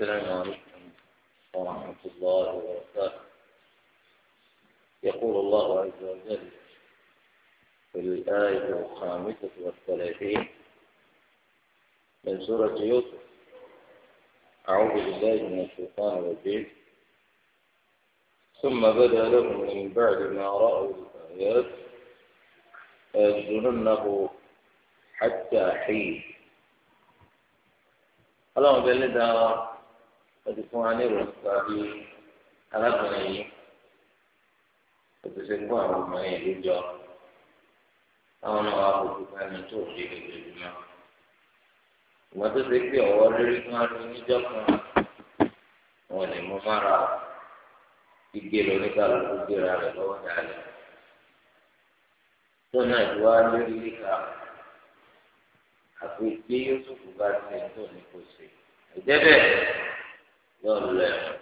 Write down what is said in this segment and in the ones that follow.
السلام عليكم ورحمة الله وبركاته يقول الله عز وجل في الآية الخامسة والثلاثين من سورة يوسف أعوذ بالله من الشيطان الرجيم ثم بدا لهم من بعد ما رأوا الآيات ليسجننه حتى حين اللهم bẹ lé wọ́n ti fún wa ní ìròyìn pa bí alábìnrin yìí ó ti ṣe àwọn ọmọ yẹn lójọ àwọn náà wà kó fún ẹni tó fi lójoojúmọ́ ìwọ́n tó ṣe pé lórí fún kan wọn igi gbéra lọ́wọ́ tó náà ti wá lórí níka àfi gbé yóò tó kú bá ti tó ní kò yóò lọ ẹ̀wọ̀n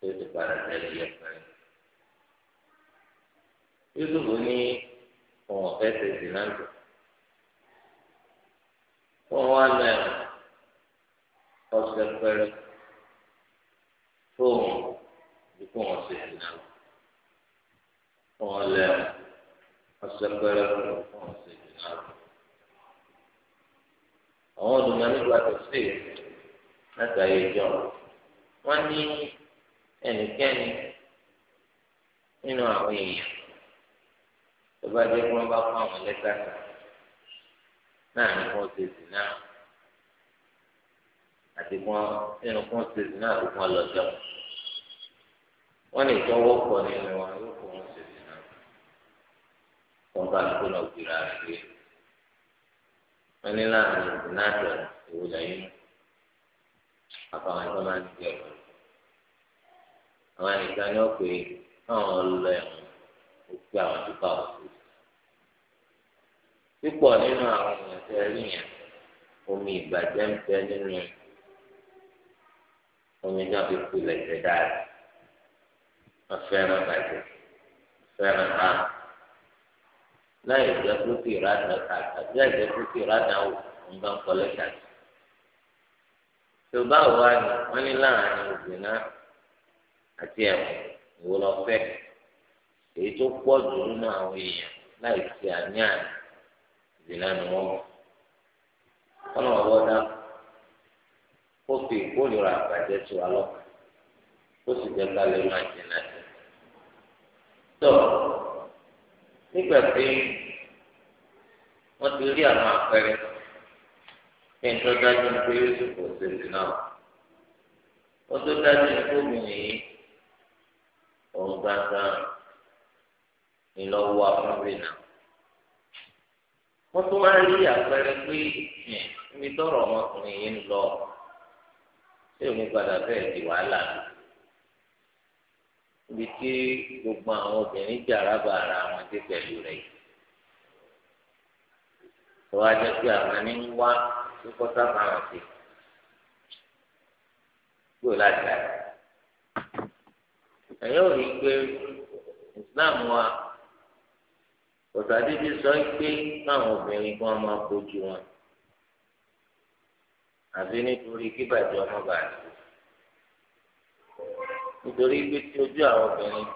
tó ti padà tẹ̀lé yẹn pẹ̀lú. Yúdùbù ní òun ọ̀fẹ́ ṣe sì náà dùn. Wọ́n wá lọ ẹ̀wọ̀n ọ̀sẹ̀ pẹ̀lú fóun ìdíkùn ọ̀sẹ̀ sì náà. Wọ́n lọ ẹ̀wọ̀n ọ̀sẹ̀ pẹ̀lú fóun ọ̀sẹ̀ sì náà. Àwọn olùmọ̀ nígbà tó ṣe é láti ayé ìjọ wọn ní ẹnikẹ́ni nínú àwọn èèyàn tó bá jẹ́ kí wọ́n bá kó àwọn lẹ́tà kan náà ní wọ́n ṣe sì náà àti wọ́n nínú wọ́n ṣe sì náà àti wọ́n lọ jọ wọ́n lè tọwọ́ pọ̀ nínú wọn yóò kó wọn ṣe sì náà wọ́n bá lóko náà gbéra rẹ̀ gbé wọ́n ní láàrin ìdùnnú àtọ̀ ìwòlẹ́yìn náà àtàwọn ẹgbẹ́ máa ń ti ẹ̀wọ̀n àwọn ẹnìkan ni ó pè àwọn ọlọ ẹ̀wọ̀n ó pè àwọn tó bá òkú pípọ̀ nínú àwọn èèyàn tẹ rí yẹn omi ìbàjẹ́ ń bẹ nínú omi náà fi kulẹ̀ ìfẹ́ dáadáa wọ́n fẹ́ràn bàjẹ́ fẹ́ràn náà láì jẹ́ kó tì rádà tàbí láì jẹ́ kó tì rádà wò ń bá ń kọ́ lẹ́tà sí tó báwo wá ní wọn ní láàrin ògbìnà àti ẹ̀wọ̀n ìwò lọ fẹ́ èyí tó pọ̀ jù nínú àwọn èèyàn láì sí àní àní ìgbìnà ni wọ́n mọ̀ kọ́nà ọ̀wọ́dá ó fi ìkórìíra àbàjẹ́ tó wa lọ́kàn ó sì jẹ́ ká máa jẹ náà jẹ. tó nígbà tí wọ́n ti rí àwọn àpẹẹrẹ pé tó dájú ní pé yusuf ò ṣe sí náà ó tó dájú ní pé obìnrin yìí òun gbàngàn ìlọ́wọ́ afúnbìn náà wọ́n tún wá rí àpẹẹrẹ pé ibi tọrọ ọmọkùnrin yìí ń lọ tí òun padà bẹ́ẹ̀ di wàhálà ibi tí gbogbo àwọn obìnrin jàrá bá ara wọn dé pẹ̀lú rẹ̀ yìí tó wá jẹ́ pé àwọn ní ń wá kíkọ́ sábà hàn sí gbò láti àyè. ẹ̀yin ò rí i pé Islam wa ọ̀sàdédé sọ pé káwọn obìnrin kan máa bójú wọn àbí nítorí kíbàjẹ́ ọmọ bàjẹ́ nítorí pé tí ojú àwọn obìnrin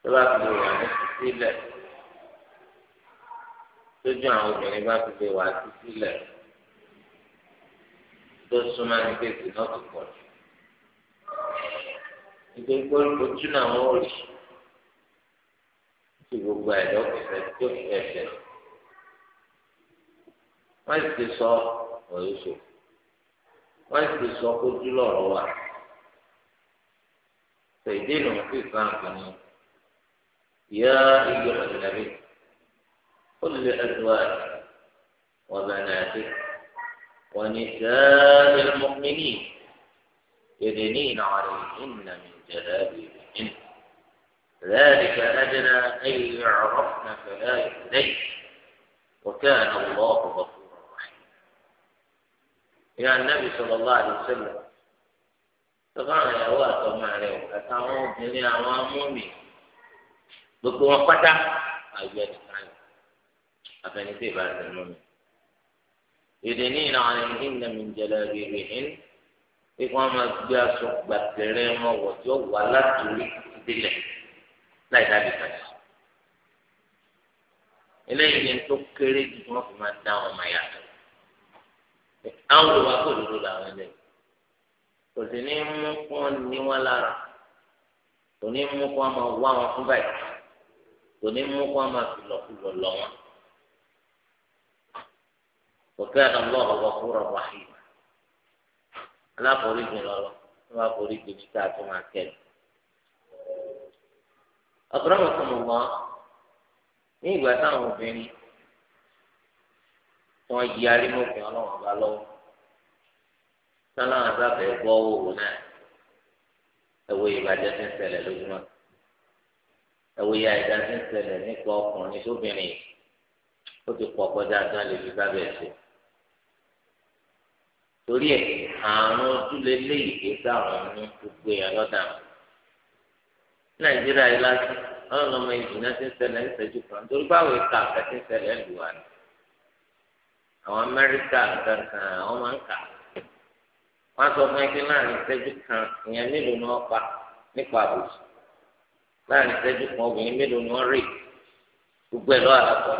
tó bá fi wà ní sílẹ̀. tójú àwọn obìnrin bá fi lè wà títí lẹ̀ tó súnmọ́ ní kéèsì náà tó pọ̀ jù nítorí pé ojú náà wọ́n rí gbogbo ẹ̀dọ́ fẹ́ tó fi wọ́n ti sọ ọ̀rọ̀ sọ wọ́n ti sọ ojú lọ́rọ̀ wà ṣèdínà fífà nǹkan ni ìyá ìgbẹ́ ọ̀dẹ̀ كل أزواجك وبناتك ونساء المؤمنين يدنين عليهن من جلابيبهن ذلك أدنى أن يعرفن فلا يؤذين وكان الله غفورا رحيما يا النبي صلى الله عليه وسلم طبعا يا واتو ما عليك أتعوه بني أوامومي بكم فتح أجل afẹnifẹ ìbáraẹni mú mi. ìdènì ìlànà ìhìnnà mi jẹlẹ rírì hìn pé kí wọn máa gbé aṣọ gbàtẹrẹ wọn wọ tí ó wà látòrí ìdílẹ láì dábì kàṣì. eléyìí ni tó kéré jù tí wọn fi máa dá wọn máa yàtọ̀. àwọn olùwà kò lóru làwọn ẹlẹ kò sì ní mú kí wọn ní wọn lára kò ní mú kí wọn máa wá wọn fún báyìí kò ní mú kí wọn máa fi lọkùlọ lọ wọn. وكان الله غفورا رحيما aláforíjì lọlọ wọn aforíjì ní ká tó máa kẹlẹ ọkùnrin kan mọ wọn ní ìgbà táwọn obìnrin wọn yí arímọkùn Ọlọ́run ọba lọ́wọ́ sáláwọn sábẹ gbọ owó náà ẹwọ ìbàjẹ́ ti ń ṣẹlẹ̀ lójúmọ́ ẹwọ ìyá ìdá ti ń ṣẹlẹ̀ nípa ọkùnrin tóbìnrin ó ti pọ̀ kọjá gán lè fi sábẹ ẹsẹ̀ torí ẹ àrùn ojúlé léyìí kì í sáwọn ní gbogbo èèyàn lọ́dà nàìjíríà yìí láti ọlọ́mọ ìjìnà ti ń ṣẹlẹ̀ ń ṣẹ́jú kan torí báwo ìka àgbà ti ń ṣẹlẹ̀ ń lù wá ni àwọn amẹ́ríkà kankan àwọn máa ń kà wọ́n sọ fún ẹgbẹ́ láàrin ìṣẹ́jú kan ìyẹn mélòó ni wọ́n pa nípa àbòsí láàrin ìṣẹ́jú kan obìnrin mélòó ni wọ́n rè gbogbo ẹ̀ lọ́wọ́ àlàkọ́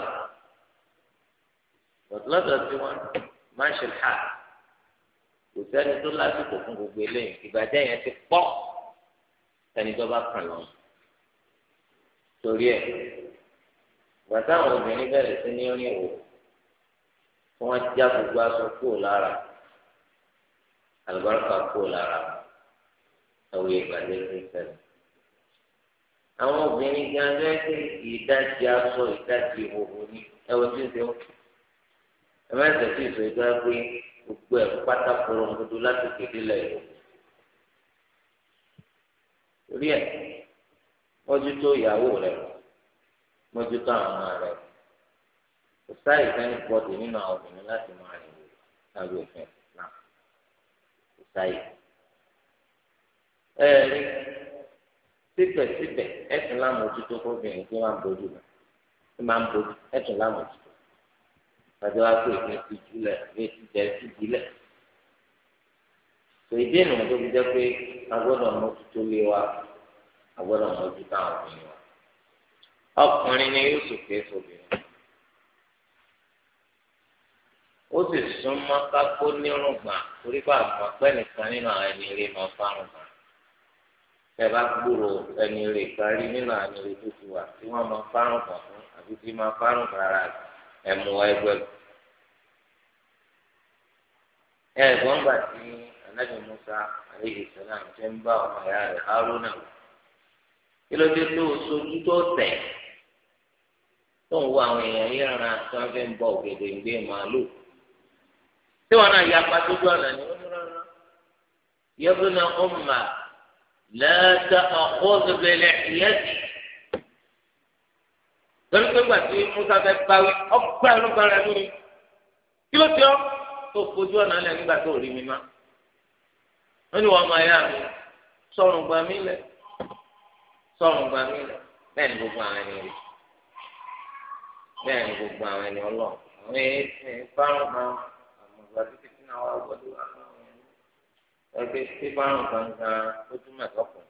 rẹ̀ lọ́dọ̀ tí máa ń ṣe láàrin kò sẹ́ni tó lásìkò fún gbogbo eléyìí ìbàjẹ́ yẹn ti pọ̀ sẹ́ni tó bá kàn lọ́nà torí ẹ̀ bàtà àwọn obìnrin bẹ̀rẹ̀ sí ní orin ìwò wọ́n já gbogbo aṣọ kúrò lára àlùbáríkà kúrò lára àwọn ìbàjẹ́ tó ń ṣẹlẹ̀ àwọn obìnrin gan lẹ́sẹ̀ ìdájí aṣọ ìdájí ìhòòhò ni ẹ̀wọ̀n tí ń ṣe wọ́n ẹ̀mẹ́sẹ̀ tí ìṣòro ìgbà pé. gbogbo ẹ̀ pátá korongodo láti kéde lẹ́yìn torí ẹ̀ mójútó ìyàwó rẹ̀ mójútó àwọn ọmọ rẹ̀ kò sáyè sẹ́ni pọ́ọ̀tì nínú àwọn obìnrin láti máa rìn lábẹ́ òfin náà kò sáyè ẹ̀ẹ́rí síbẹ̀síbẹ̀ ẹ̀sìn lámòjútó kóbìnrin tí wọ́n á bójú máa ń bójú pàtó wá pé ìpín ti júlẹ̀ ìpín ti jẹ́ ti jùlẹ̀. tó ìdí ìnù tó fi jẹ́ pé agbọ́dọ̀ mójútó lé wa agbọ́dọ̀ mójútó àwọn obìnrin wa. ọkùnrin ni yóò sùn kéésì obìnrin. ó sì súnmọ́ kákó nírùngbà torí pé àgbọ̀n pẹ́ nìkan nínú àwọn ẹni eré máa fárùngbà. bẹ́ẹ̀ bá gbúrò ẹni eré kan rí nínú àwọn ẹni eré tó ti wà tí wọ́n máa fárùngbà fún àbí tí máa fárùngbà rárá ẹmu ẹgbẹ ẹ̀gbọ́n gbà tí anabi musa aleyhi salam ti ń bá ọmọ ìyá rẹ̀ haruna kí ló dé tó sojú tó tẹ tó ń wo àwọn èèyàn yíran tí fi ń bọ ń gbé lórí pé gbàtí musa fẹ́ báwí ọgbà ẹnugbọn rẹ lórí kí ló ti ọ tó fojú ọ̀nà lẹ nígbà tó rí mi má wọn ni wọn máa yá mi sọrùn gbà mí lẹ sọrùn gbà mí lẹ bẹ́ẹ̀ ni gbogbo àwọn ẹni rí bẹ́ẹ̀ ni gbogbo àwọn ẹni ọlọ àwọn ẹni fárùn kan àmọgbà títí tí náà wà wọlé wà lọ́wọ́ ẹgbẹ́ tí fárùn kan gan ó túmọ̀ sọkùn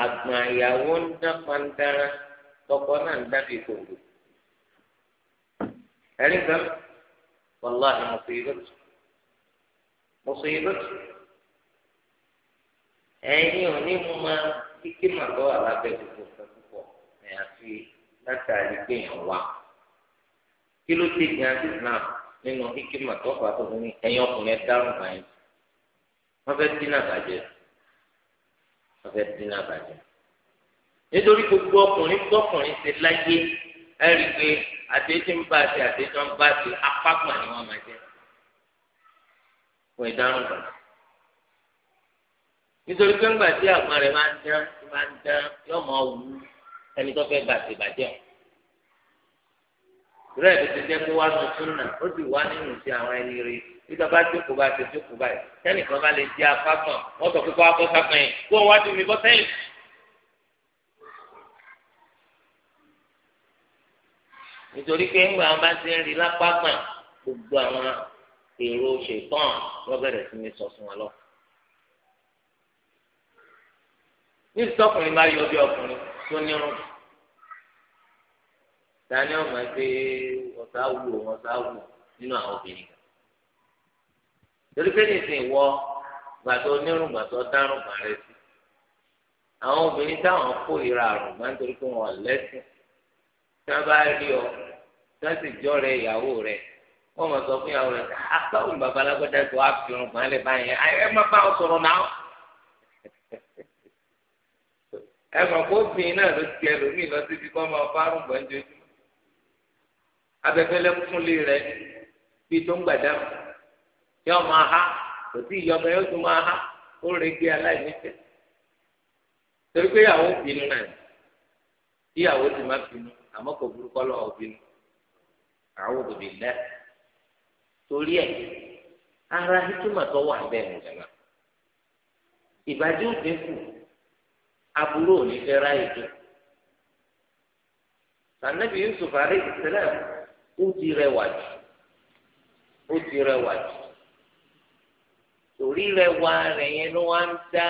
àgbọn àyàwó ń dán pandára. tọkọ náà ń dábì kòǹgò ẹ̀rí nǹkan wàláhì mùsùlùmí mùsùlùmí ẹ̀yin ò ní mú ma kíkí mà lọ àlábẹ́ gbogbo nǹkan púpọ̀ ẹ̀ àfi látàrí pé èèyàn kí ló dé gan islam nínú kíkí mà tó fà tó ní ọkùnrin dárùn báyìí nítorí gbogbo ọkùnrin gbọkùnrin ti láyé ẹ rí i pé àtẹ̀tí ń bá ti àtẹ̀tí ń bá ti apágbọ̀n ni wọ́n máa jẹ́ fún ìdáhùn gbà. nítorí pé ńgbà tí àgbọn rẹ̀ máa ń dán máa ń dán yóò máa wú ẹni tó fẹ́ gbà ti bàjẹ́ o. ìrẹ́ ìdí ti jẹ́ pé wá nu súnà ó sì wá nínú sí àwọn ẹni rí bí bàbá jókòó bá ti jókòó báyìí kẹ́nìkan bá lè jẹ́ apágbọ̀n wọ́n sọ pé kó wá bọ́ sápẹ́yìn kó wá dùn mí bọ́ sẹ́yìn. nítorí pé ńgbà wọn bá ti ń rí lápá gbà gbogbo àwọn èrò ṣètàn wọn bẹ̀rẹ̀ sí ní sọ fún wọn lọ. ní ìsọkùnrin bá yọ bí ọkùnrin tó nírun tani ọmọ ẹgbẹ́ ọ̀tá wù ọ̀tá wù nínú àwọn obìnrin kan torí pé nìsín wọ gbàtọ onírùn gbàtọ dárùn gbàrẹ sí àwọn obìnrin táwọn kó ìra àrùn máa ń torí pé wọn lẹ́sìn tí wọn bá rí ọ tí a sì jọ rẹ ìyàwó rẹ wọn mọ sọ fún ìyàwó rẹ àtàwọn babalágbádá tó a fi ọrùn kan lè bá yẹn ẹ má bá ọ sọ̀rọ̀ náà ẹ kó náà ló ti ẹlòmíì lọ síbi rẹ tó ń gbàdá yọ kò tí ìyọmọ yóò tún máa ó gbé torí pé ìyàwó bínú náà ìyàwó ti má àmọ́ kò burúkọ lọ́wọ́ bínú àwọn òbí torí ẹ̀ ara hikima tó wà bẹ́ẹ̀ ní ìjọba ìbàjẹ́ òfin kù fẹ́ ráyè tó sànẹ́bí Yusuf alayhi salam ó ti jù ó ti jù torí rẹ̀ yẹn ló ń dá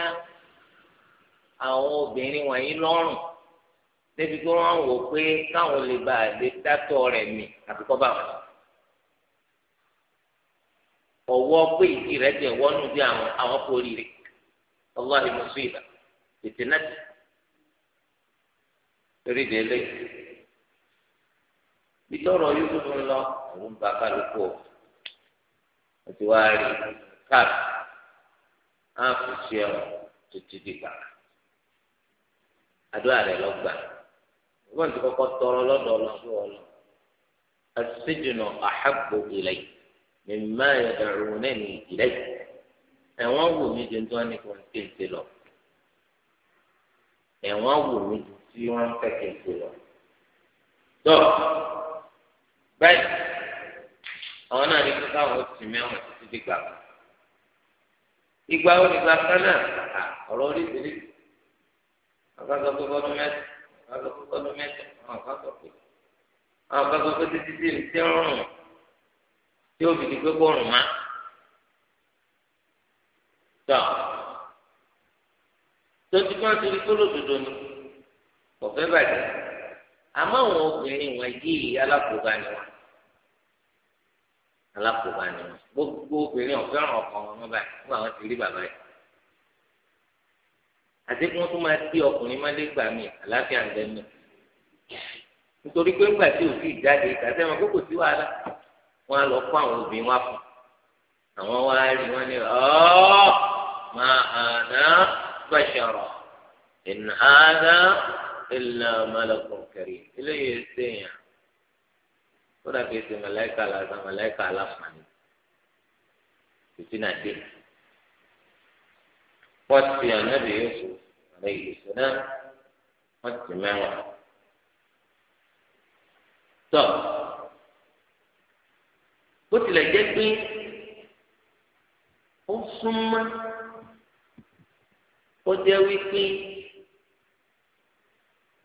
àwọn obìnrin wọ̀nyí lọ́rùn. débi pé wọ́n wò pé káwọn lè bá àlè dátọ̀ rẹ̀ mì àti kọ́ bá wọn. ọwọ́ pé ìdí rẹ̀ tẹ̀ wọ́nú bí àwọn àwọn kò rírì ọlọ́ọ̀lì mọ̀sùn ìbà tètè náà tì. torí délé yóò lọ òun ń ba kálukú ọ àti wàá rí á fi ṣe ọ títí dìgbà wọ́n ti kọ́kọ́ tọrọ lọ́dọ̀ ọlọ́run ọlọ asijinu ahabbu ilay mimma yad'unani ilay ẹ̀wọ̀n wù mí ju tí wọ́n ní kò ń kéńté lọ ẹ̀wọ̀n wù mí ju tí wọ́n ń fẹ́ kéńté lọ. tó báyìí àwọn náà ní kíkọ́ àwọn oṣù mẹ́wọ̀n títí dìgbà kan ìgbà wo nígbà kan náà ọ̀rọ̀ ìdílé àgbàdo tó bọ́dún mẹ́sàn àwọn sọ pé ọdún mẹ́ta àwọn kan sọ pé àwọn kan sọ pé títí tí tí ń rùn tí ó fi di pé kó rùn má. tọ́ tó ti kọ́ àti ikú lòdòdó ni kò fẹ́ bàjẹ́ àmọ́ àwọn obìnrin wọ̀nyí alákòóbá ni wọn alákòóbá ni wọn gbogbo obìnrin ọ̀fẹ́ràn ọkàn wọn báyìí fún àwọn ti rí bàbá yìí àti kí wọ́n tún máa tí ọkùnrin má lé gbà mí àlàáfíà ń bẹ mí nítorí pé ńgbà tí òfin ìjáde ìgbàsẹ́ wọn kókò sí wàhálà wọn á lọ kó àwọn obìnrin wá fún àwọn wá rí wọn ní ọ́ọ́ máa àná bàṣọrọ ìnáná ìlà malakun karim eléyìí ṣèyàn ó dàbí ṣe màláìka làzà màláìka aláfààní títí náà dé wọ́n ti ànábì yóò sọ lẹ́yìn ìṣúná wọ́n ti mẹ́wàá. tọ́ bó tilẹ̀ jẹ́ pé ó súnmọ́ ó jẹ́ wípé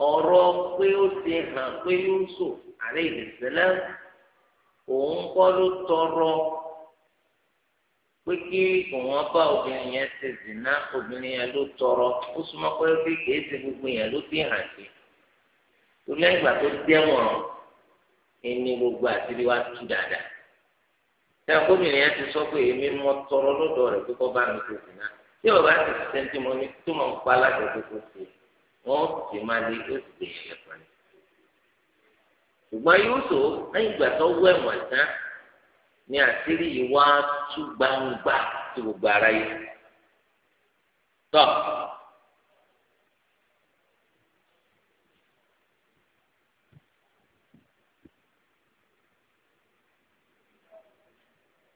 ọ̀rọ̀ pé ó ti hàn pé Yusuf àlẹ́ ìdìsẹ́lẹ̀ òun kọ́ ló tọrọ pé kí kò wọ́n bá obìnrin yẹn ṣe zìnà obìnrin yẹn ló tọrọ ó súnmọ́ pé pé kìí ṣe gbogbo yẹn ló fi hàn sí torí ẹgbà tó dẹ́wọ̀n ẹni gbogbo àtìrí wa tú dáadáa tẹ́wọ̀n gómìnà yẹn ti sọ pé èmi mọ tọrọ lọ́dọ̀ rẹ̀ pé kọ́ bá mi ṣe zìnà tí bàbá ti ṣiṣẹ́ tí mo ní tó máa ń pa alágbègbè tó ṣe wọ́n sì máa lé ó sì ni ṣùgbọ́n yóò ni àṣírí yìí wá tú gbangba tí gbogbo ara yìí tọ.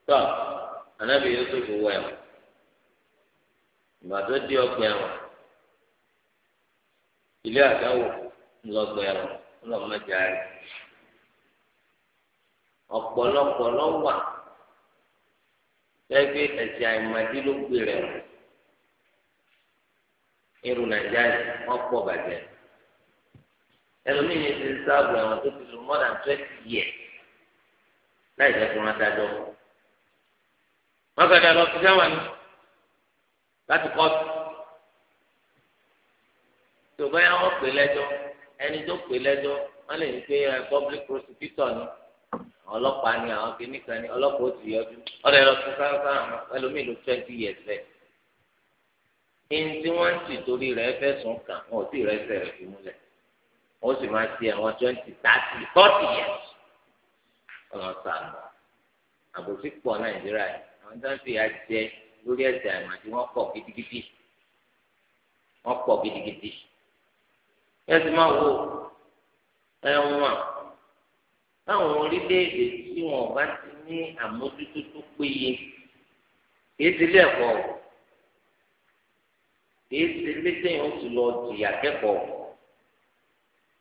tọ anabi yusuf wẹ ọ ìgbà tó di ọgbẹ ẹ̀wọ̀n ilé àdáwò ńlọgbẹ ẹ̀wọ̀n ńlọmọdé ayé ọ̀pọ̀lọpọ̀ lọ́wà lẹ́gbẹ́ ẹ̀sìn àìmọ̀dé ló gbé rẹ̀ irun nàìjíríà wọ́n pọ̀ bàjẹ́ ẹlòmíyìn ti ń sáàbù ẹ̀wọ̀n tó ti lò more than twenty years láì jẹ́ kó wọ́n dájọ́ wọ́n fẹ́ẹ́ dá lọ sí sẹ́wọ̀n ni láti kọ́ọ̀tù tó bá yà wọ́n pè lẹ́jọ́ ẹni tó pè lẹ́jọ́ wọ́n lè ní pé eh, public prosecutor ni ọlọ́pàá ni àwọn kìíní kan ní ọlọ́pàá ó ti yọjú ọdọ ẹ lọ fún káfá àwọn ẹlòmíì ló twenty years rẹ ẹni tí wọ́n ń tì torí rẹ̀ fẹ̀sùn kàn wọn ò tí ì rẹsẹ̀ rẹ̀ fi múlẹ̀ wọ́n sì máa ti àwọn twenty thirty forty years ọ̀nà sàmù àbòsí pọ̀ nàìjíríà yìí àwọn tó ń fi ìyà jẹ lórí ẹ̀sẹ̀ àmà tí wọ́n pọ̀ gidigidi wọ́n pọ̀ gidigidi yẹ́n ti máa wo ẹ̀wọ̀n táwọn orílẹ̀-èdè tí wọn bá ti ní àmójútó tó péye kìí ti ilé ẹ̀kọ́ kìí ti ilé téèyàn ti lọ jìyà kẹ́kọ̀ọ́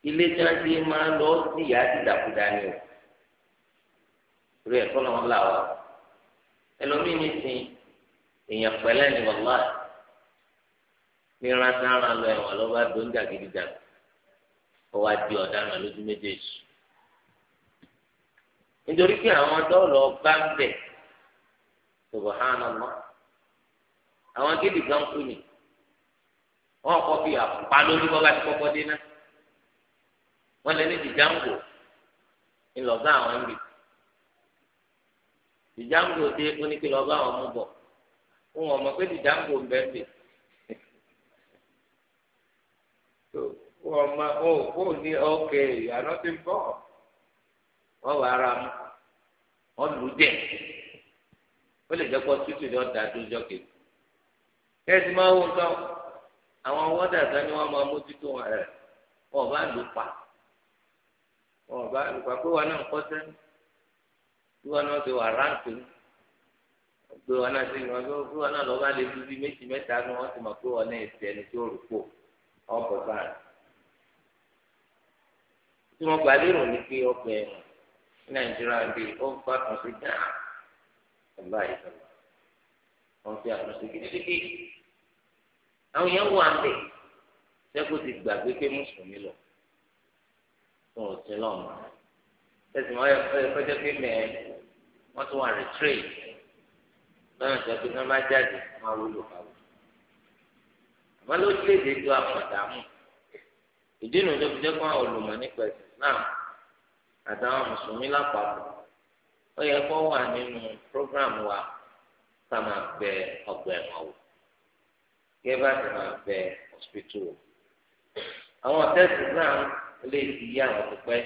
ilé tí wọ́n ti máa lọ jìyà dìdàkudà ni o rí ẹ̀kọ́ náà là wà ẹlòmíì ní sin èèyàn pẹ̀lẹ́ ni wàhálà ní rántí ara lọ ẹ̀wọ̀n lọ́ba dóńjà gidigidi ọwọ́ adé ọ̀daràn lójú méjèèjì nítorí pé àwọn dọ́ọ̀lù ọba ń bẹ̀ subhanallah àwọn gidi gan kú ni wọn kọ fi àpá lórí bọ́lá ti kọ́kọ́ dé náà wọn lè ní dìjàngò ńlọgá àwọn ń bì dìjàngò dé oníkìlọgá àwọn mú bọ̀ wọn wọn mọ̀ pé dìjàngò ń bẹ́ẹ̀ bì wọn mọ ọ ò ní ọkẹ́ ìyànà ti ń ọwọ ara mu ọlù dẹ ó lè jẹ tútù ní ọdà tó jọ kẹsì máa wò tán àwọn ni máa mójútó bá lù pa bá lù pa pé wọn náà wọn náà ti wà ráǹtì gbé wọn náà sí ni wọn bí wọn náà lọ́ọ́ bá lè dúdú méjì mẹ́ta ni wọ́n ti mọ̀ pé wọn náà ti ẹni tí ó rò pò ọ̀bọ̀ bá tí gbà lérò ní pé nàìjíríà bí ó ń fa àtúnṣe dáa ọba ìsọlọ wọn fi àtúnṣe gidigidi àwọn èèyàn wà ńbẹ sẹkù ti gbàgbé pé mùsùlùmí lọ fún òsín lọmọ tẹsí wọn fẹjọ pé mẹ wọn tún wà rìtírèt lọ́nà tó pé wọn bá jáde wọn wúlò káwọ àmọ́ ló léde tó àpàdánù ìdí nu tó fi jẹ́ kó àwọn olùmọ̀ nípa ẹ̀sìn náà àtàwọn mùsùlùmí lápapọ̀ ó yẹ kó wà nínú program wa ká máa bẹ ọgbà ẹ̀wọ̀n wò kí ẹ bá ti máa bẹ hospital wò. àwọn tẹ́sí náà lè ti yá àwọn tó pẹ́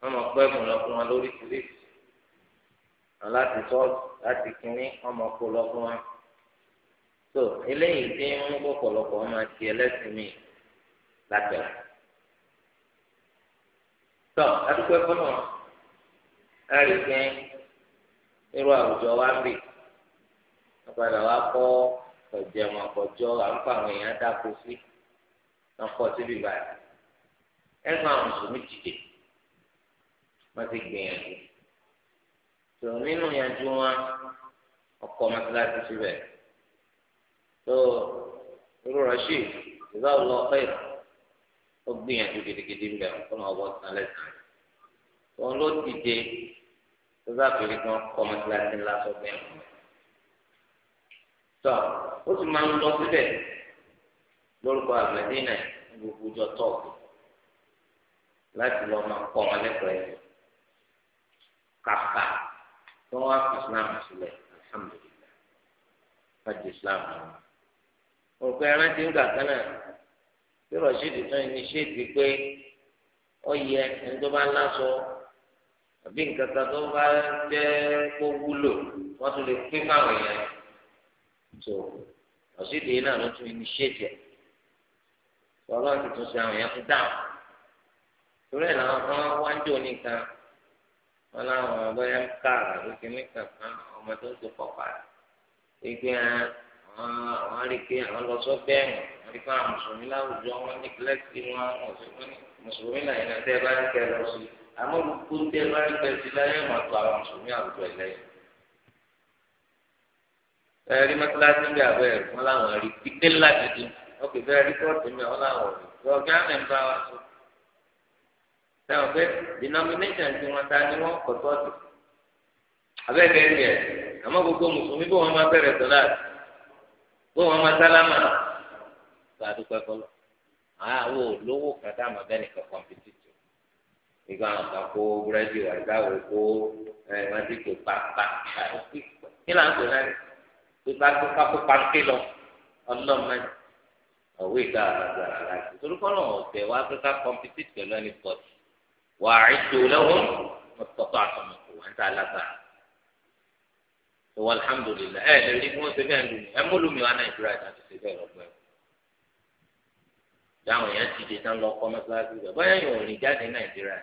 wọ́n máa pẹ́ mọ̀ lọ́kùn wọn lórí tìlẹ́sì láti sọ́ọ̀tù láti kínní ọmọ kó lọ́kùn wọn. tó eléyìí tí ń mú pọ̀pọ̀lọpọ̀ máa ti ẹlẹ́sìn mi látẹ̀wọ̀n tọ adúgbò ẹ̀kọ́ náà ẹrí pé irú àwùjọ wa bì ọ̀padà wa kọ́ ọ̀jẹ̀mọ̀ àkọ́jọ́ àǹfà àwọn èèyàn dáko sí lọ́kọ́ síbi báyìí ẹ̀gbọ́n àwọn mùsùlùmí dìde wọ́n ti gbìyànjú tò nínú ìyànjú wọn ọkọ̀ mọ́tíláṣí síbẹ̀ tó irú Rashid ìgbà lọ ọ̀pẹ́ ìrọ̀ ó gbìyànjú gidigidi ń bẹ̀rù kó máa wọ san lẹ́sàn-án òun ló dìde tó bá fi rí kan kọ́ mọ́tíláṣí ńlá sọ́gbẹ́ ẹ̀kọ́ tọ́ ó sì máa ń lọ síbẹ̀ lórúkọ àgbẹ̀dínà gbogbo ọjọ́ tọ́ọ̀kì láti lọ máa kọ́ wọn lẹ́kọ̀ọ́ ẹ̀ kàkà tó wá fi islam sílẹ̀ alhamdulilayi wájú islam lọ. ẹran ti ń gbà kan bí rọ̀ṣídì tán ní ṣéèdì pé ó yẹ ẹni tó bá láṣọ àbí nǹkan kan tó bá jẹ́ kó wúlò wọ́n tún lè pín fáwọn èèyàn tó rọ̀ṣídì yìí náà ló tún ní ṣéèdì ẹ̀ tọ́lá ti tún ṣe àwọn èèyàn fún dáhùn torí ẹ̀ làwọn kan wá ń jò nìkan wọn láwọn ọlọ́yà ń kà lókè nìkan kan ọmọ tó ń tó pọ̀ pa ẹgbẹ́ àwọn àríkè àwọn lọ sọ́gbẹ́ẹ̀wọ̀n nípa mùsùlùmí láwùjọ wọn ní kílẹ́sì wọn mùsùlùmí náà yẹn tẹ́ bá ń kẹ́ lọ sí àmọ́ gbogbo tẹ́ bá ń kẹ́ sí láyé wọn tó àwọn mùsùlùmí àwùjọ ẹ̀ lẹ́yìn. ẹ rí mẹ́tíláṣí ń bẹ àbẹ́ ẹ̀ fún láwọn rí pípé ńlá dídí wọn kò fẹ́ rí kóòtù mi wọn láwọn rí wọn kí ń bá wa sọ. sẹ́wọ̀n pé denomination tí wọ́n ta ni wọ́n kọ́ sọ́ọ̀tù àbẹ́ẹ̀kẹ́ ń bẹ̀ àmọ́ gbogbo sàdúpẹ́ fọlọ́ àwọn olówó kàtà àmọ́bẹ́ni kan kọ̀m̀pìtìtì ìgbà àwọn kan kó búrẹ́dì wà ìgbà wo kó mọ́tìtì pàpà kí là ń pè náà tó bá tó kápó pàǹkì lọ ọlọ́mọ ọ̀wé ìgbà àgbàrá láti torí kọ́ náà ọ̀tẹ̀ wá pé ká kọ̀m̀pìtìtì pẹ̀lú ẹni pọ̀jù wà á ètò lẹ́wọ̀n ọ̀tọ̀tọ̀ àtọ̀mọ̀kọ̀ wà ń tà lágbàrá tó wà alhamdulilayi ẹ̀ lè rí bí wọ́n ṣe bẹ́ẹ̀ lù mí ẹ̀ mú lù mí wá nàìjíríà ìdájọ́ ṣe bẹ́ẹ̀ táwọn èèyàn ti dé tán lọ kọ́ mọ́sálásí rẹ̀ bóyá yóò rìn jáde nàìjíríà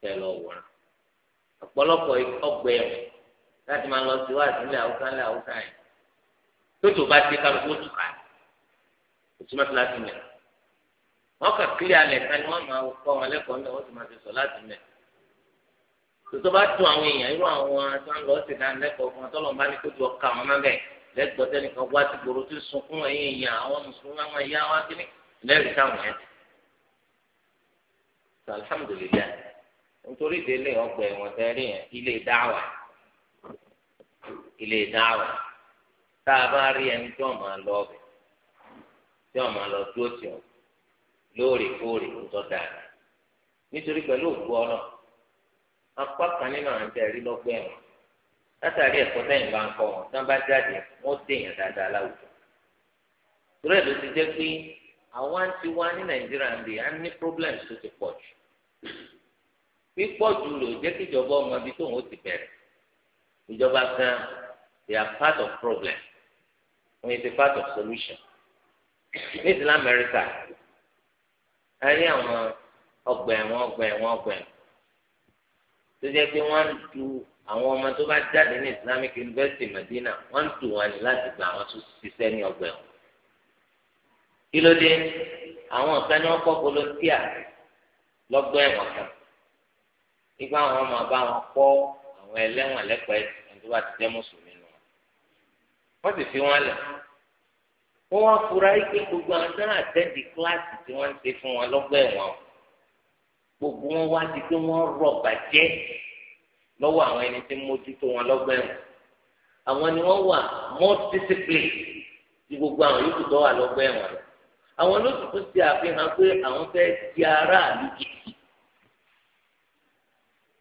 tẹ lọ wọ̀ràn ọ̀pọ̀lọpọ̀ ọgbẹ́ ẹ̀wọ̀n láti máa lọ sí wá sílẹ̀ haúsá ńlẹ̀ haúsá yẹn tótó bá ti kálukú tù ká òtú mọ́sálásí mẹ́rin wọ́n kà kílí alẹ̀ kan ni wọ́n máa kọ́ wọn lẹ́kọ̀ọ́ mẹ́rin wọ́n sì máa ti sọ láti mẹ́rin tòtò bá tu àwọn èèyàn irú àwọn tó ń lọ sí ìdánilẹ́kọ̀ọ́ fún ọtọ́lọ́mọba ní kó ọkà wọn mẹ́bẹ̀ẹ́ lẹ́gbọ́tẹ́nìkan wá sí gbòòrò tó sunkún ẹ̀yìn èèyàn àwọn mùsùlùmí àwọn ẹ̀yà wọn kíní lẹ́rìí táwọn yẹn sọ alihamudulilayi nítorí délé ọgbà ẹ̀wọ̀n tẹ́rí yẹn ilé dáwà ilé dáwà tá a bá rí ẹni tí wọ́n máa lọ ọbẹ̀ tí wọ́n máa lọ tí tì ọ́ lóòrèkóòrè tó dára nítorí pẹ̀lú òkú ọ̀nà apá kan nínú àwọn lọ́gbà ẹ̀wọ̀n látàrí ẹ̀kọ́ sẹ́yìn bá ń kọ́ àwa ń ti wá ní nàìjíríà ń bè á ní problems tó ti pọ̀ jù pípọ̀ jù lò jẹ́ kí ìjọba ọmọ ibi tóun ó ti bẹ̀rẹ̀ ìjọba gan they are part of problem wọ́n yẹ ti part of solution ní ìsìlá amẹ́ríkà a rí àwọn ọgbà ẹ̀wọ̀n ọgbà ẹ̀wọ̀n ọgbà ẹ̀wọ̀n tó jẹ́ pé wọ́n ń du àwọn ọmọ tó bá jáde ní islamic university madina wọ́n ń du wọn ni láti gba àwọn tó ṣiṣẹ́ ní ọgbà ẹ̀wọ̀n kí ló dé àwọn ọ̀sán ni wọ́n kọ́ volunteer lọ́gbọ́ ẹ̀wọ̀n kan nígbà wọn máa bá wọn kọ́ àwọn ẹlẹ́wọ̀n lẹ́kọ̀ọ́ ẹ̀sìn tó bá ti jẹ́ mùsùlùmí nù wọ́n sì fi wọn lẹ̀ wọ́n wá fura yìí pé gbogbo àwọn tó ń àtẹ́ǹdì kíláàsì tí wọ́n ń ṣe fún wọn lọ́gbọ́ ẹ̀wọ̀n gbogbo wọn wá di pé wọ́n rọ̀ bàjẹ́ lọ́wọ́ àwọn ẹni tí mójútó wọn lọ́gbọ́ ẹ̀wọ̀n àwọn ni wọ́n wà more discipline ju gbogbo àwọn yòókù tó wà lọ́gbọ́ ẹ̀wọ̀n lọ àwọn olóṣèlú ti àfihàn pé àwọn fẹ́ di aráàlú kìkì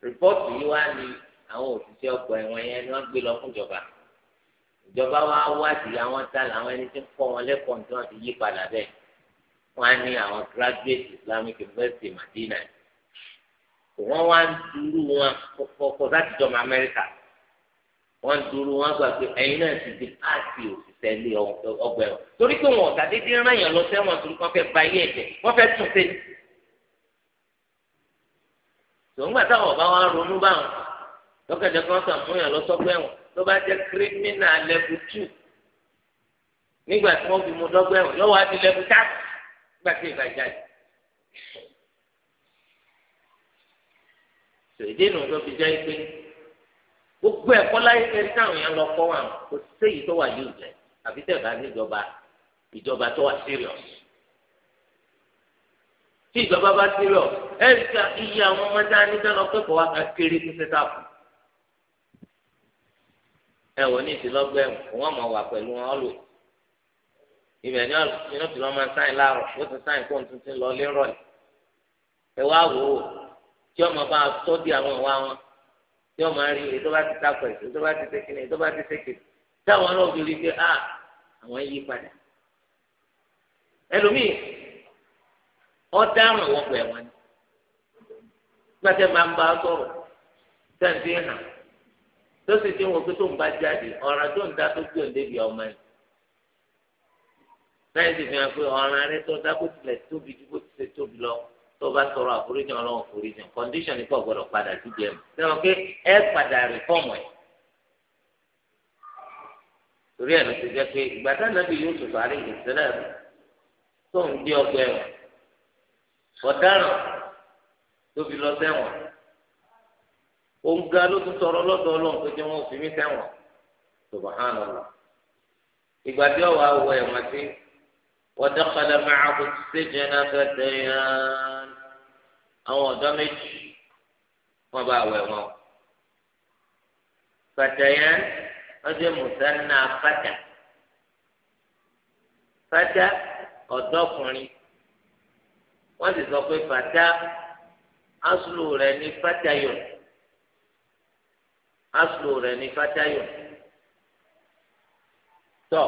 rìpọ́tù yìí wá ní àwọn òṣìṣẹ́ ọgbà ẹ̀wọ̀n yẹn ni wọ́n gbé lọ fún ìjọba ìjọba wa wádìí àwọn ta làwọn ẹni tí ń kọ́ wọn lẹ́kọ̀ọ́ tí wọ́n ti yí padà bẹ́ẹ̀ wọ́n á ní àwọn graduate Islamic University Madina wọ́n wá ń dúró wọn kọ́kọ́ láti jọmọ Amẹ́ríkà wọ́n ń dúró wọn gbà pé ẹ̀yin náà ti di páàtì òṣìṣẹ́. tẹ̀lé ọgbà ẹ̀wọ̀n torí pé wọn ọ̀tàdédé rán yàn lọ sẹ́wọ̀n torí wọ́n fẹ́ ba ayé ẹ̀jẹ̀ wọ́n fẹ́ tún tòǹgbà táwọn ọba wa ronú báwọn lọ́kẹ̀dẹ̀ kan sàn fún yàn lọ sọ́gbà ẹ̀wọ̀n ló bá jẹ́ kírímínà lẹ́bù tù nígbà tí wọ́n fi mu ẹ̀wọ̀n lọ́wọ́ lẹ́bù nígbà gbogbo ẹ̀kọ́ láyé àfi tẹ̀bá níjọba ìjọba tó wà serious tí ìjọba bá serious ẹ̀ ń ta iye àwọn ọmọ tá a ní dáná kẹ́kọ̀ọ́ wa kéré fún sẹ́tàfù ẹ wò ní ìdílọ́gbẹ́ wọn mọ̀ wà pẹ̀lú wọn ọ̀lù ibẹ̀ ni iná tí wọ́n máa sáyìn láàrọ̀ ó ti sáyìn kó tuntun lọ lérọ̀lẹ̀ ẹ wá wò ó tí ọmọ bá tọ́jú àwọn ìwà wọn tí ọmọ rí ètò bá ti takọ̀ ètò bá ti tẹ́kìnì ètò bá ti tẹ́kìnì táwọn náà fi rí i pé a ah, àwọn yí padà ẹlòmíì ọ̀daràn wọ́n pẹ̀ wọ́n ni gbàtẹ́ máa ń bá a sọ̀rọ̀ sẹ́ǹtì hàn tó sì ti ń wo pé tó ń bá jáde ọ̀ràn tó ń dá tó gbé òǹdébi ọmọ ẹ̀ sáyẹ́nsì fi hàn pé ọ̀ràn rẹ tó dá bó tilẹ̀ tóbi ju bó tilẹ̀ tóbi lọ tó bá sọ̀rọ̀ àforíjì ọlọ́run àforíjì kọ́ndíṣọ̀n nípa ọ̀gbọ́dọ̀ padà sí jẹ́ mi. pé ẹ padà rìfọ́ọ̀mù ẹ̀ torí ẹ̀ ló ti jẹ́ pé ìgbà táwọn ẹbí yóò tó parí ìṣẹ̀lẹ̀ tó ń gbé ọgbẹ́ ẹ̀wọ̀n ọ̀daràn tó fi lọ sẹ́wọ̀n òun ga ló tún tọrọ lọ́dọ̀ ọlọ́run tó jẹ́ wọn ò fi mí sẹ́wọ̀n subahana lọ ìgbà tí ọwọ́ awọ ẹ̀wọ̀n sí wọ́dọ́kọ̀dọ̀ máa kó séjẹ́ náà kẹtẹ́ yẹn àwọn ọ̀dọ́ ọjọ́ mùsànnà fàjà fàjà ọ̀dọ́kùnrin wọ́n ti sọ pé fàjà asùlù rẹ̀ ní fàjàyọ̀ asùlù rẹ̀ ní fàjàyọ̀ tọ́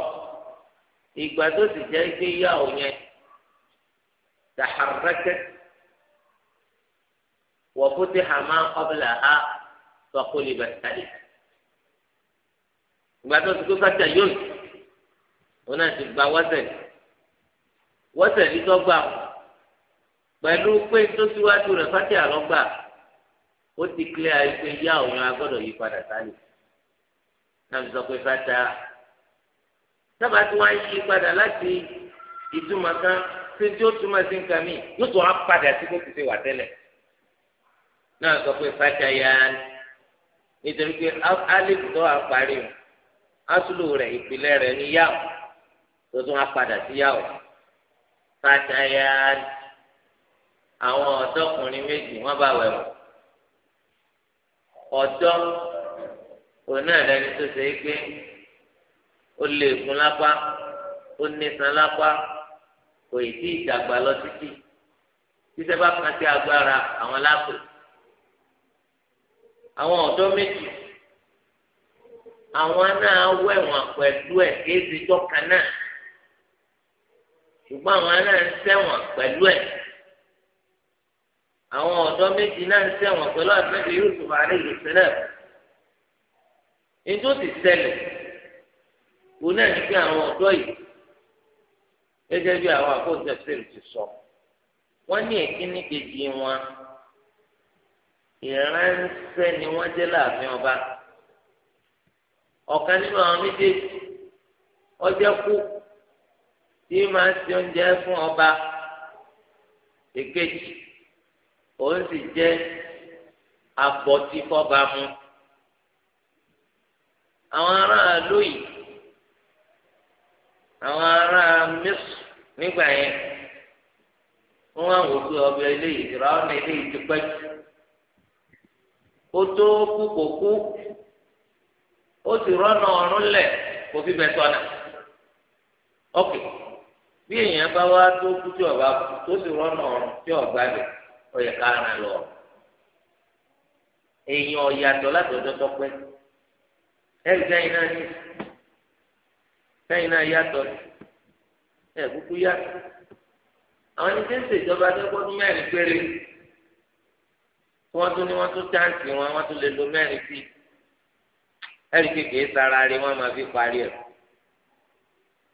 ìgbà tó sì jẹ́ pé yàwó yẹn tàhárẹ́kẹ́ wọ́n fún ti hàmá ọ̀bìlà ha sọ́kùlì ìgbà tó ti kó sájà yóò wọn náà ti gba wọ́sẹ̀ wọ́sẹ̀ ní dọ́gba pẹ̀lú pé tó síwájú rẹ̀ fátìyà lọ́gbà ó ti kílẹ̀ àìpé yá òun agbọ́dọ̀ yí padà sálẹ̀ náà fi sọ pé fátà sábà tí wọ́n á yí padà láti ìtumọ̀ kan tí tí ó túmọ̀ sí nǹkan mi yóò tún á padà sí kó kùsè wà tẹ́lẹ̀ náà sọ pé fátà yá nítorí pé alẹ́ kùtọ́ àparí o asulu rẹ̀ ìpìlẹ̀ rẹ̀ ní yàwó tó tún á padà sí yàwó pàtàyà àwọn ọ̀dọ́kùnrin méjì wọ́n bá wẹ̀ wọ́n ọ̀dọ́ òun náà lẹni tó ṣe é pé ó lè gun lápá ó nísan lápá kò ì tí ìdàgbà lọ títí títẹ bá kan sí agbára àwọn lápò àwọn ọ̀dọ́ méjì àwọn náà wẹ̀wọ̀n pẹ̀lú ẹ̀ kéèsì jọ́ka náà ṣùgbọ́n àwọn náà ń ṣẹ̀wọ̀n pẹ̀lú ẹ̀ àwọn ọ̀dọ́ méjì náà ń ṣẹ̀wọ̀n pẹ̀lú àtúntò Yusuf alayhi salam ètò ti ṣẹlẹ̀ kò náà ní kí àwọn ọ̀dọ́ yìí gẹ́gẹ́ bí àwọn àkóso ẹ̀sìn ti sọ wọ́n ní èkíní kejì wọn ìránṣẹ́ ni wọ́n jẹ́ láàfin ọba ọ̀kan nínú àwọn méjèèjì ọjọ́ kú tí máa ṣe oúnjẹ fún ọba èkejì òun sì jẹ́ abọ́tí fọ́ba mu àwọn aráàlú yìí àwọn ará mẹ́sù nígbà yẹn wọ́n wá wò pé ọbẹ̀ eléyìí ìrọ̀ àwọn eléyìí ti pẹ́ jù kó tó ó ti rọ́nà ọ̀run lẹ̀ kó fi bẹ́ẹ̀ ok bí èèyàn bá wá tó kú tí ọba tó sì rọ́nà ọ̀run tí ọba lẹ̀ ó yẹ lọ èèyàn ọ̀yàtọ̀ ọjọ́ tọ́pẹ́ ẹ̀rí sẹ́yìn náà ní sẹ́yìn náà yàtọ̀ ẹ̀ kúkú yàtọ̀ àwọn ẹni tí ń ṣèjọba tó mẹ́rin péré wọ́n tún ẹ̀rí kékeré sara rí wọn máa fi parí ẹ̀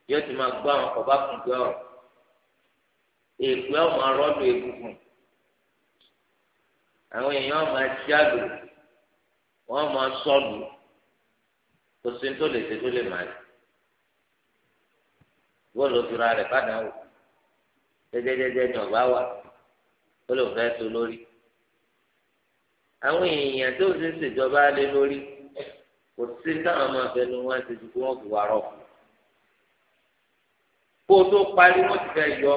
yóò ti máa gbọ́ àwọn kọ̀ọ̀bá kùn gbé ọ̀rọ̀ èpè ọmọ arọ́dọ̀ egungun àwọn èèyàn máa jáde wọn máa sọ̀lù kò sí tó lè ṣe tó lè máa lè wọ́n ló fi ra rẹ̀ padà wò jẹ́jẹ́jẹ́jẹ́ ni ọ̀gá wà ó lè fẹ́ so lórí àwọn èèyàn tó ṣe ń ṣèjọba lé lórí kò sí táwọn máa fẹnu wọn ṣe ju kí wọn fi wà rọ kó o tó parí wọn ti fẹ́ yọ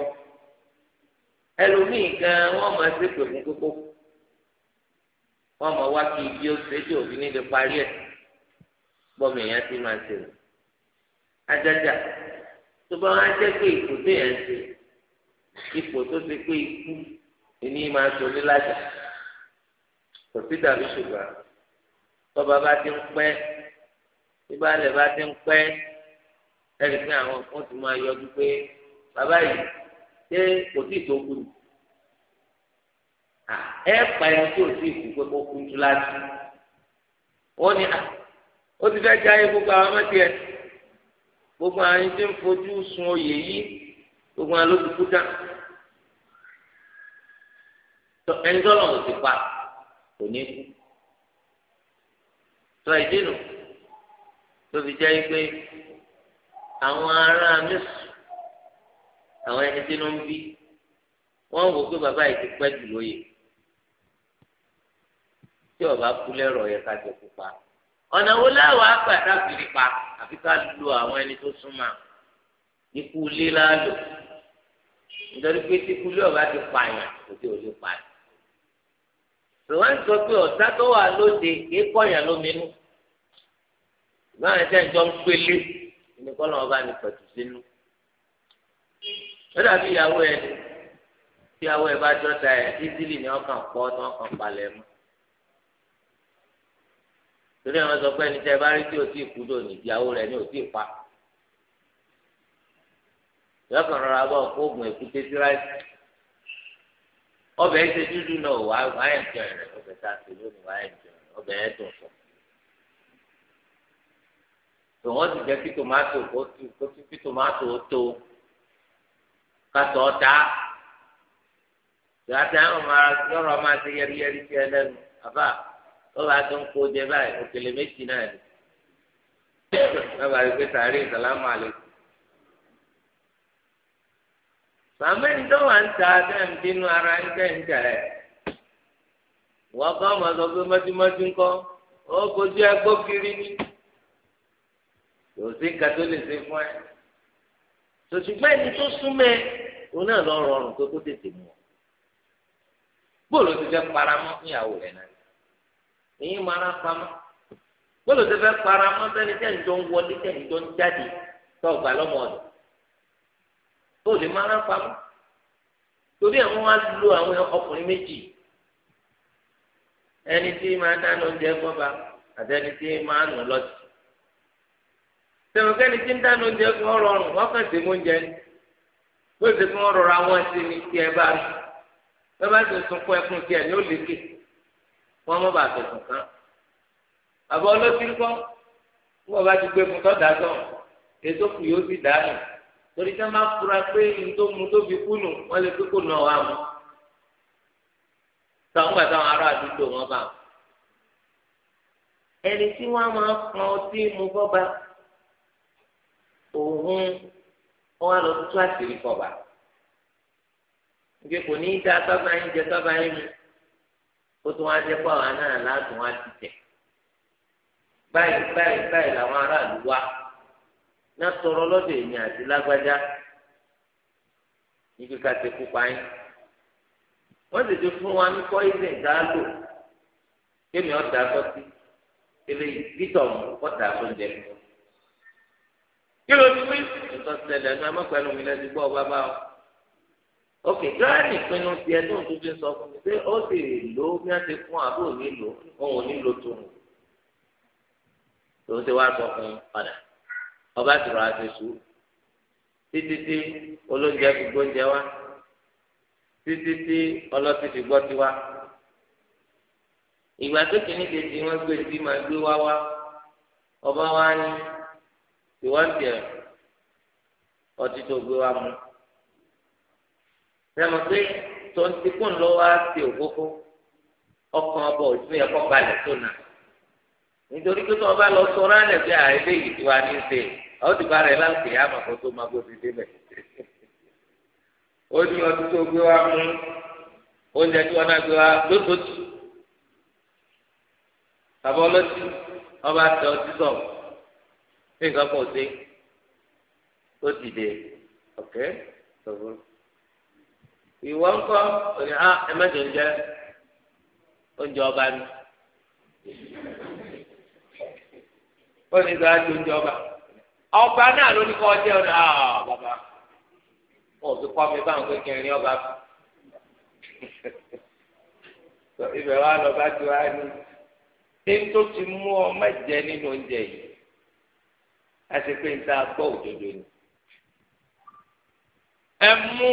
ẹlòmíì gan wọn máa ṣe pè fún kókó wọn máa wá kí ibi ó ṣe tí òfin ní lè parí ẹ gbọmọ èèyàn ti máa ṣe o ajaja tó bá wá jẹ́ pé ipò tó yẹn ṣe ipò tó ṣe pé ikú ìní máa ṣe onílájà kò sí dàbí ṣùgbọ́n tọba bá ti ń pẹ́ ìbálẹ̀ bá ti ń pẹ́ ẹ̀rí pé àwọn kan ti máa yọjú pé bàbá yìí ṣé kò tí ì tó kú ẹ pa ẹni tí ò tí ì kú pé kó kú jù láti wọ́n ní à ó ti fẹ́ jáyé gbogbo àwọn mẹ́tì ẹ̀ gbogbo àwọn ẹni tí ń fojú sun oyè yìí gbogbo àwọn ló ti kú dá ẹni tó lọ́wọ́ ti pa kò ní kú tó ìdí nù tó fi jẹ́ pé àwọn ará mẹ́sù àwọn ẹni tí ló ń bí wọ́n wò pé bàbá yìí ti pẹ́ jù lóye tí ọba kú lẹ́rọ̀ yẹ ká jẹ kó pa ọ̀nà wo láwàá gbàdá fìlì pa àfi ká lo àwọn ẹni tó súnmọ́ ikú ilé láàlò nítorí pé tí ikú ilé ọba ti pààyàn kò tí ò lè pààyàn sọ pé ọ̀tá tó wà lóde kéé kọ́yàn lóminú ìgbà wọn ṣe ń jọ ń gbélé ìní kọ́ lọ́wọ́ bá ní pẹ̀tù sínú. lọ́dà bí ìyàwó ẹ bí ìyàwó ẹ bá jọ́ta ẹ ídílì ni wọ́n kàn pọ́ tí wọ́n kàn palẹ̀ mọ́. torí àwọn sọ pé ẹni tẹ́ bá rí tí o ti kú lónìí ìyàwó rẹ̀ ni o ti pa. ìyá kan rọra bọ̀ kó oògùn èkúté sí ráìsì ọbẹ̀ ẹ̀ ṣe dúdú náà wà á ẹ̀ jẹun rẹ̀ ọbẹ̀ tá a ṣe lónìí wà á ẹ̀ jẹun rẹ̀ ọbẹ̀ ẹ̀ dùn fún tò wọ́n sì jẹ́ kí tòmátò kó tu kó tu kí tòmátò ó tó kátó ọ̀tá gbàtà yọrọ ọmọ àti yẹriyẹri tiẹ lẹ́nu àbá ó bá tó ń kó jẹ báyìí òkèlè méjì náà ni bàbá rẹ pé sàárè ìsàlámù àlè. màmá ẹni tó wà ń ta bẹ́ẹ̀ ń bínú ara ń tẹ̀ ń tẹ̀ ẹ́ wọ́n kọ́ ọmọ sọ pé mọ́júmọ́jú ń kọ́ ó kojú ẹgbó kiri ni yóò sí nǹkan tó lè ṣe fún ẹ sòṣùgbọ́n ẹni tó súnmẹ́ òun náà lọ rọrùn pé kó tètè mú ọ bóòlù ti fẹ́ paramọ́ níyàwó rẹ̀ náà èyí máa rán pamọ́ bóòlù ti fẹ́ paramọ́ sẹ́ni tẹ́ni tó ń wọlé tẹ́ni tó ń jáde tọ́gbà lọ́mọ ọ̀dọ̀ bóòlù máa rán pamọ́ torí àwọn wá lo àwọn ọkùnrin méjì ẹni tí máa dáná oúnjẹ gbọ́ba àti ẹni tí máa nù lọ́sí tẹnukẹ́ni tí ń dáná oúnjẹ fún ọ rọrùn wọ́n kàn sí oúnjẹ ni bó ṣe fún ọ rọra wọn sí ni tí ẹ bá rí bẹ́ẹ̀ bá ṣe sunkún ẹkún tí ẹ ní ó lékè wọ́n mọ́ bá fẹ̀sùn kàn. àbọ̀ ọlọ́sìn kọ́ wọ́n bá ti gbé fún tọ́da sọ ètò kù yóò sì dànù torí tí wọ́n fura pé nítòmú tó fi kú nù wọ́n lè kókò náà wà mọ́. táwọn gbà táwọn ará àdúgbò wọn bá ẹni tí wọ́n máa kàn ọtí mú fọ́ òun wọn wá lọ tú àṣírí kọba ìgbé kò ní í dá sábà yín jẹ sábà yín mi ó tún wá jẹ pé àwọn náà látún wá ti tẹ báyìí báyìí báyìí làwọn aráàlú wá náà tọrọ lọ́dọ̀ èmi àti lágbájá níbi ká ti kú pa yín sì ti kémi ọ̀dà bítọ̀ ọ̀dà sọ́jẹ́ fún kí ló ti wí. ètò ìṣẹ̀lẹ̀ ní amọ̀pẹ̀lú mi lẹ́sìn gbọ́ bàbá o. ok gíláàdì pinnu ti ẹ tóun tó fi sọ fún mi pé ó sì lò ó bí wọ́n ti fún àbó nílò òun nílò tóun. tòun ti wá sọ fún padà ọba tìrọ àti sùúrù títí tí olóúnjẹ fi gbóúnjẹ wá títí tí ọlọ́tí fi gbọ́ tiwa ìgbà tó kìíní kejì wọn gbé tí máa gbé wá wá ọba wa ní. ìwọ ń tiẹ̀ ọtí tó gbé wa mú sẹ́mu pé ọkàn ọbọ òtún yẹ kó balẹ̀ tó nà nítorí pé tó o bá lọ sọ̀rọ̀ alẹ́ bí àìlè yìí tí wàá ní ṣe àwọn ti bá láti yá tó máa ó ní ọtí tó gbé wa ọba tẹ ọtí sọ̀rọ̀. bí nǹkan kò sí ó dìde ọ̀kẹ́ tọ̀gbọ́n. ìwọ ń kọ́ òní á ah, ẹ mẹ́jọ jẹ oúnjẹ ọba ni ó ní sọ àti oúnjẹ ọba ọba náà ló ní kọ́ ọjẹ́ ọ̀nà àà bàbá wọn ò fi kọ́ mi báwọn pé kí n rí ọba ibẹ̀ wa bá ti wá ní ní tó ti mú ọ mẹ́jẹ nínú oúnjẹ yìí àti pé n ta gbọ́ òdodo ni. ẹ mú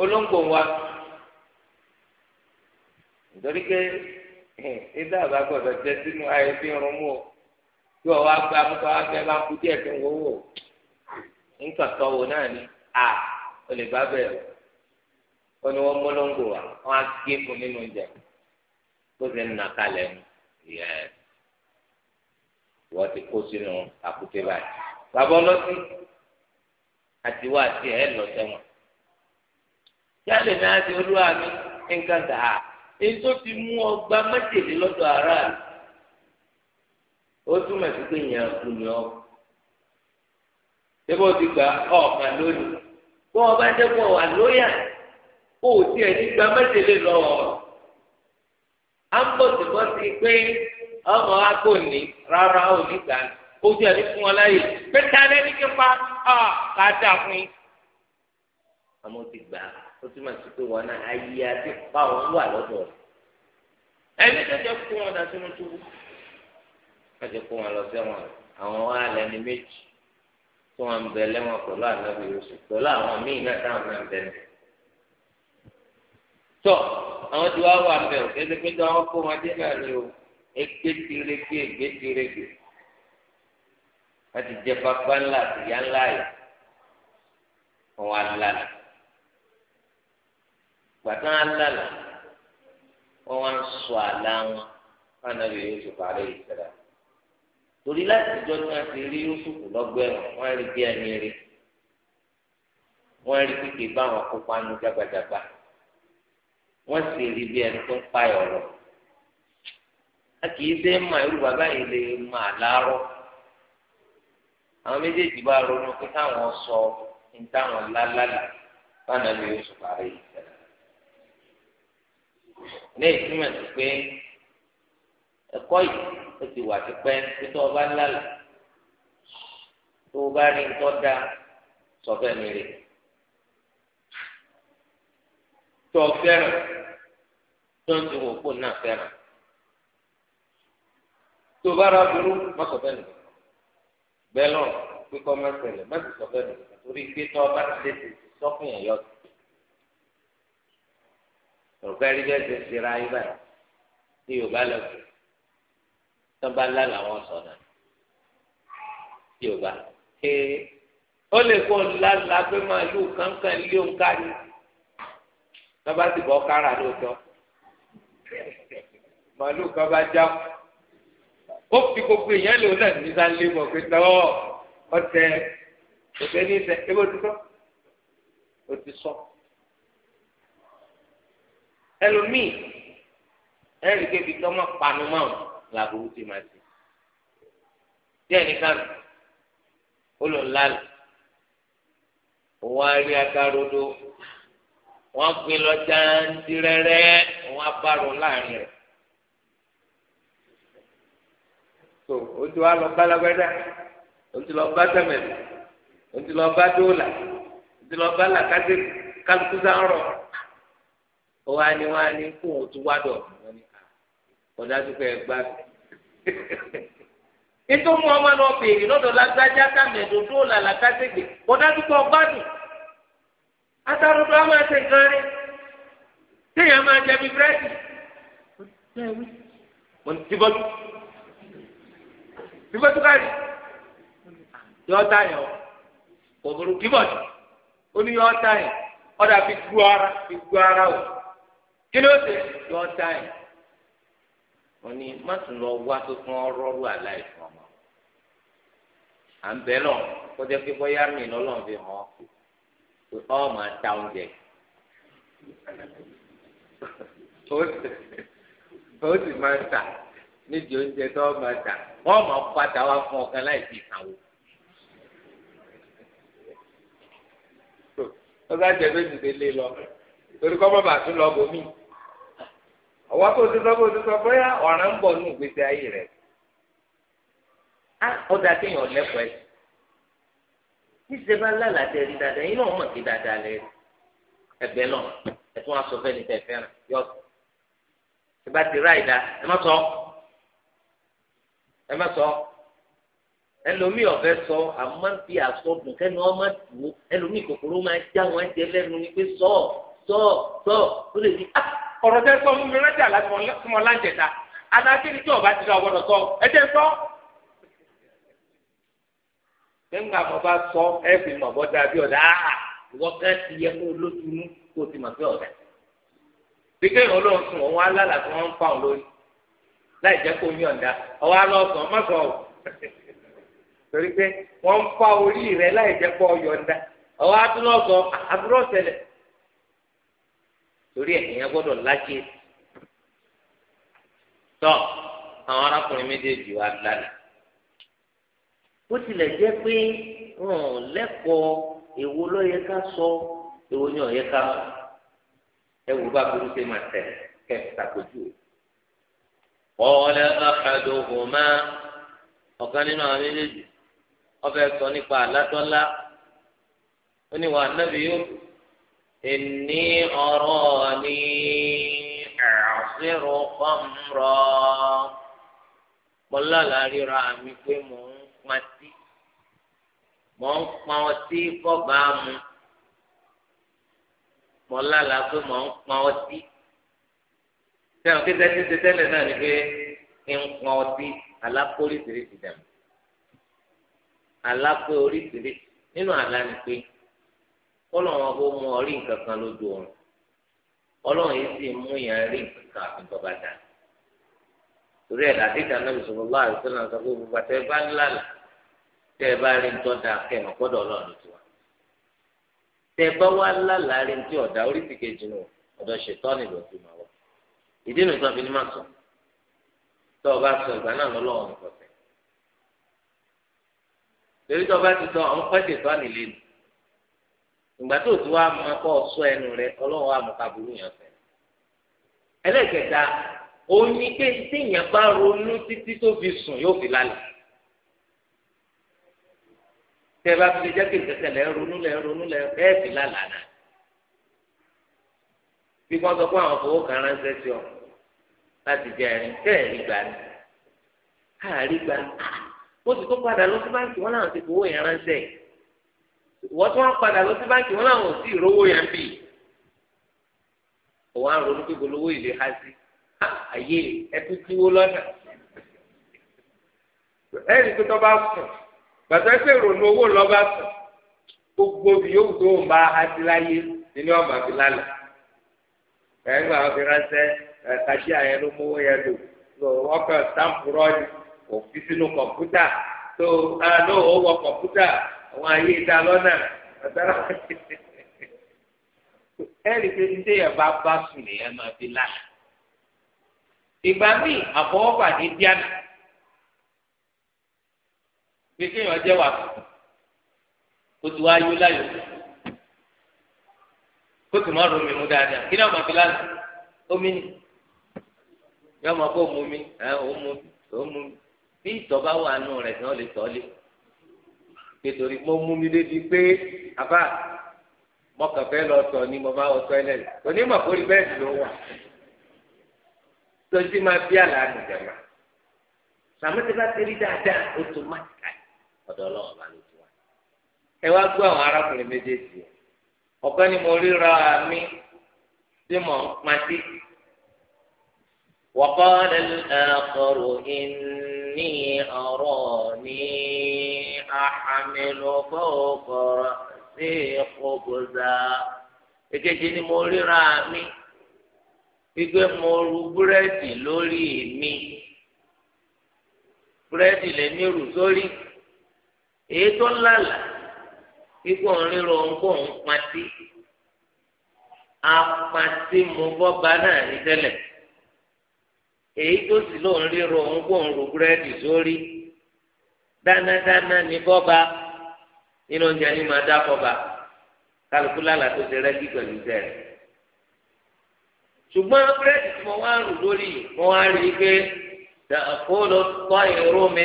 olóńgbò wa nítorí pé ìdá àbá gbọdọ̀ jẹ sínú ayé fi rún mú o bí wọ́n wá gba mọ́tò wá fẹ́ bá kú díẹ̀ fi ń wọ́wọ́ nǹkan náà ni a ò lè bá bẹ̀rẹ̀ ó ní wọ́n mú olóńgbò wa wọ́n á gé fún nínú oúnjẹ kó sì ń nà kalẹ̀ mu yẹ́ẹ́. wọ́n ti kó sínú àkúté báyìí. bàbá ọlọ́sìn àti wá àti ẹ̀ lọ sẹ́wọ̀n. ti olúwa mi nǹkan dà á èyí tó ti mú ara rẹ̀. ó túmọ̀ sí pé ni ọ. gba ti gbà ọ̀ọ̀mà lónìí. ọba jẹ́ wà lóyà kó o tiẹ̀ ní gbà mẹ́tẹ̀lẹ́ lọ́wọ́. á ń bọ̀ sí bọ́ sí ọmọ akó ni rárá ò ní gbà ní ojú ẹni fún wọn láyè pẹta lẹni kípa ọ ká dà fún yín. àmọ́ ti gbà ó túmọ̀ sí pé wọn náà ayé àti pa òun wà lọ́dọ̀ rẹ̀. ẹni tó jẹ́ kó wọn dà sínú túbú wọ́n ti kó wọn lọ sẹ́wọ̀n àwọn wa lẹni méjì tí wọ́n bẹ lẹ́wọ̀n pẹ̀lú ànábì yòósù pẹ̀lú àwọn míì náà táwọn náà ń bẹ nù. àwọn tí wàá wà bẹ̀ òkè egbetirege egbetirege láti jẹ bàbá ńlá àti ìyá ńlá yìí wọn wá lálẹ gbàtà lálẹ wọn wá ń sọ àlá wọn fáwọn ẹbí Yusuf àlẹ ìsẹlẹ torí láti jọ tí wọn ti rí Yusuf lọgbẹ wọn wọn rí bí ẹni rí wọn rí kékeré báwọn kópa ní jágbajàgba wọn sì rí bí ẹni tó ń pa ẹ ọ̀rọ̀ a kì í ṣe mọ irú bàbá yìí lè mọ àlárọ àwọn méjèèjì bá ronú pé káwọn sọ ní táwọn lálálà báwọn lè oṣù parí ìṣẹ̀lẹ̀ ní ìtumọ̀ sí pé ẹ̀kọ́ yìí ó ti wà tipẹ́ títọ́ ọba lálà tó o bá rí nǹkan dá sọfẹ́ mi rè tó fẹ́ràn tó ń ti wò náà fẹ́ràn tó bá ra burú má sọ bẹ́ẹ̀ nìkan bẹ́ẹ̀ lọ kíkọ́ mẹ́sẹ̀lẹ̀ má sì sọ bẹ́ẹ̀ nìkan torí pé tọ́ bá ti lè ti sọ́kùn yẹn yọ sí. ọ̀gá rí bẹ́ẹ̀ ti ń ṣera ayé báyìí tí yorùbá lọ sí tán bá lá làwọn sọ náà yorùbá ké ó lè kó ńlá pé máa lù kánkán lé òǹkà ni bá ti bọ́ kára lóòótọ́ màálù kan bá jáwọ́ ó fi gbogbo èèyàn lò náà ní sálé mọ̀ pé tọ́ ọtẹ òtẹ ní sẹ ebo ti sọ o ti sọ ẹlòmíì ẹrì kébi tó má panu mọ́ ọ làbúrú ti máa ti díẹ̀ nìkan ó lò ń lálẹ́ òun á rí agarodo wọ́n gbin lọ jáńdí rẹ́rẹ́ òun á bá rò láàrin rẹ̀. tó o ti wá lọ balagbada o ti lọ bá sẹmẹlì o ti lọ bá dóòlà o ti lọ bá làkàtì kálukú sáárọ o wá ní wá ní kó o tún wá dọ̀ wọn ni ọ̀dà tó fẹ́ gbá ètò mú ọmọ náà béèrè lọ́dọ̀ lágbájá kàmẹ́dọ̀ dóòlà làkàtì gbè ọ̀dà tó fẹ́ gbádùn atarodo a máa nǹkan rẹ téèyàn máa jẹ bí fífẹ́ tó káyọ̀ yọ táyọ̀ òbúrú kíbọ̀dù ó ní yọ táyọ̀ ọ̀dà fi gbú ara fi gbú ara o kí ló dé yọ táyọ̀ wọ́n ní má tún lọ wá tó fún ọ̀rọ̀ rú aláìsàn ọmọ à ń bẹ lọ kọjá pé bóyá mi lọ́lọ́run fi hàn pé ọ máa ta oúnjẹ ó sì máa ń tà nídìí oúnjẹ tó o máa tà wọ́n máa padà wá fún ọkàn láì fi ìsanwó. ó sá jẹ pé dìde lé lọ torí kọ́ bàbà tún lọ bomi. ọ̀wá kò tó sọ kó tó sọ bóyá ọ̀ràn ń bọ̀ nù gbèsè ayé rẹ̀. á ah, ó dáa kéèyàn lẹ́kọ̀ọ́ ẹ̀. níṣẹ́ bá lálàtẹ̀ rí dáadáa yín náà mọ̀ sí dáadáa lẹ́rìí ẹ̀bẹ̀ náà ẹ̀tún aṣọ fẹ́ni tẹ̀ fẹ́ràn yọ̀ọ̀sì. ìbá ti ráì dá ẹ má sọ ọ́ ẹ má sọ ẹlòmíì ọ̀fẹ́ sọ àmọ́ fi àsọdùn kẹ́nu ọmọ tù ú ẹlòmíì kòkòrò máa já wọn jẹ lẹ́nu ni pé sọ sọ sọ ó lè di ah, ọ̀rọ̀ tẹ́ sọ mímu rájà láti mọ láǹjẹ̀ta adákẹ́ni tí ọba ti sọ ọgbọ́dọ̀ sọ ẹ jẹ́ sọ. nígbà mo bá sọ ẹ fi mọ̀ bọ́ dàbí ọ̀dà áhà ah, ìwọ kan ti yẹ kó lójúmú kó o ti mọ̀ pé ọ̀dà. bí kéèyàn olóhùn sùn òun lálàá tí wọ́n ń pa òun lórí láì jẹ́ kó yọ̀ǹda ọwọ́ alọ́sàn mọ́sọ̀ o torí pé wọ́n ń fa orí rẹ láì jẹ́ kó yọ̀ǹda ọwọ́ atúnọ̀sọ̀ àbúrò ṣẹlẹ̀ torí ẹ̀ gbọ́dọ̀ tọ́ àwọn arákùnrin méjèèjì wa bó tilẹ̀ jẹ́ pé wọn ò lẹ́kọ̀ọ́ èwo ló yẹ ká sọ èwo ni ò yẹ ká ẹ wò bá máa tẹ̀ kẹ́ qala ahaduhuma ọ̀kan nínú àwọn méjèèjì ọbẹ̀ sọ nípa àlátọ́lá ó ní wà nábì yóò inni arani a'siru khamra mọ́lá làríra mi pé mò ń pati mọ ń pọn ọtí kọba mu pé mọ ń pọn ọtí sẹ́wọ̀n kí sẹ́tí ṣe tẹ́lẹ̀ náà ni pé nǹkan ọtí alápò oríṣiríṣi dàmú alápò oríṣiríṣi nínú àlá ni pé kọ́lọ́run ọba mú ọ rí nǹkan kan lójú oorun ọlọ́run yìí sì mú yẹn rí nǹkan kan àfi dà torí ẹ̀ láti ìtàn lọ́wọ́ àìsàn náà sọ pé bá ń lálà ẹ bá rí nǹkan dà gbọ́dọ̀ ọlọ́run ti wá ẹ ìdí nu sọ fi ni má sọ tó o bá sọ ìgbà náà lọ́lọ́wọ́ nǹkan tẹ̀ torí tó o bá ti sọ àwọn pẹ́ẹ́tì tó ànílé nù ìgbà tó o ti wá máa kọ́ ọ sọ ẹnu rẹ ọlọ́wọ́ àmọ̀kàbùrú yàn fẹ́ ẹlẹ́kẹta òní pé téèyàn bá ronú títí tó fi sùn yóò fi lálẹ́ tẹ́ bá fi jẹ́ kí ìtẹ̀tẹ̀ lẹ́ ronú lẹ́ ronú lẹ́ ẹ́ fi lálẹ́ àná bí wọ́n sọ pé àwọn fowó kan ránṣẹ́ sí ọ láti jẹ ẹrin tẹ́lẹ̀ rí gbà ní káàrí gbà wọ́n ti tó padà lọ sí báńkì wọn làwọn ti fowó yẹn ránṣẹ́ wọ́n tún wọ́n padà lọ sí báńkì wọn làwọn ò sí ìrówó yẹn bì òun á ronú pé bolówó ìlé ha sí àyè ah, ẹtú tíwó lọ́nà ẹ̀rí pé tọ́ bá sùn gbàtọ́ ẹgbẹ́ ìrònú owó lọ́ bá sùn gbogbo bí yóò tó ń bá ha sí láyé nínú ọmọ àfi lálẹ́ ẹ̀rí wà á fi ránṣẹ́ kàṣíà yẹn ló mówó yẹn lò so ọkọ stampu rọọdì òfin sínú kọ̀mpútà so àlọ́ òwò kọ̀mpútà àwọn ayé ìta lọ́nà àtàrà ẹ̀rí pé ní téèyàn bá bá sùn lèèyàn máa fi lánàá ìgbà míì àfọwọ́fà ní díànà pé kéèyàn jẹ́ wà kó tó wá láyò kó tó má romi mú dáadáa kí ni àwọn fi lánàá omi ni yọ ọmọ kó mú mi ẹ ó mú ó mú mi bí ìtọ̀ bá wà nù rẹ̀ náà lè tọ́ lé nítorí mo mú mi débi pé àbá mọ̀kànfẹ́ lọ sọ ni mo bá wọ tọ́lẹ̀ onímọ̀ kórìí bẹ́ẹ̀dì ló wà tó ti máa bí àlàáfíà jẹ̀mà sàmúti bá ti rí dáadáa ó tó má ká ọ̀dọ̀ ọlọ́wọ́ bá ló ti wá. ẹ wá gbọ́ àwọn arákùnrin méjèèjì ọ̀kan ni mo ríra mi tí mo máa ti وقال الآخر إني أراني أحمل فوق رأسي خبزا èkejì ni mo ríra mi gbígbé mo ru búrẹ́dì lórí mi búrẹ́dì lèmi rù sórí èyí tó lálà kíkó ń ríro nǹkó ń patí apatí mo bọ́ ba náà ní tẹ́lẹ̀ èyí tó sì lóun ríro òun kó òun ro búrẹ́dì sórí dánadáná ní bọ́ba nínú oúnjẹ ní máa dá bọ́ba kálukú lálàá tó ti rẹ́gí pẹ̀lú tẹ̀rẹ̀. ṣùgbọ́n búrẹ́dì tí mo wá rù lórí mo wá rí i pé kó lọ tọ́ ìró mi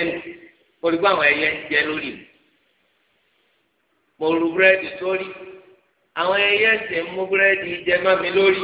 olùkọ́ àwọn ẹyẹ ń jẹ lórí mi. mo rù búrẹ́dì sórí àwọn ẹyẹ ń sì mú búrẹ́dì jẹ mọ́ mi lórí.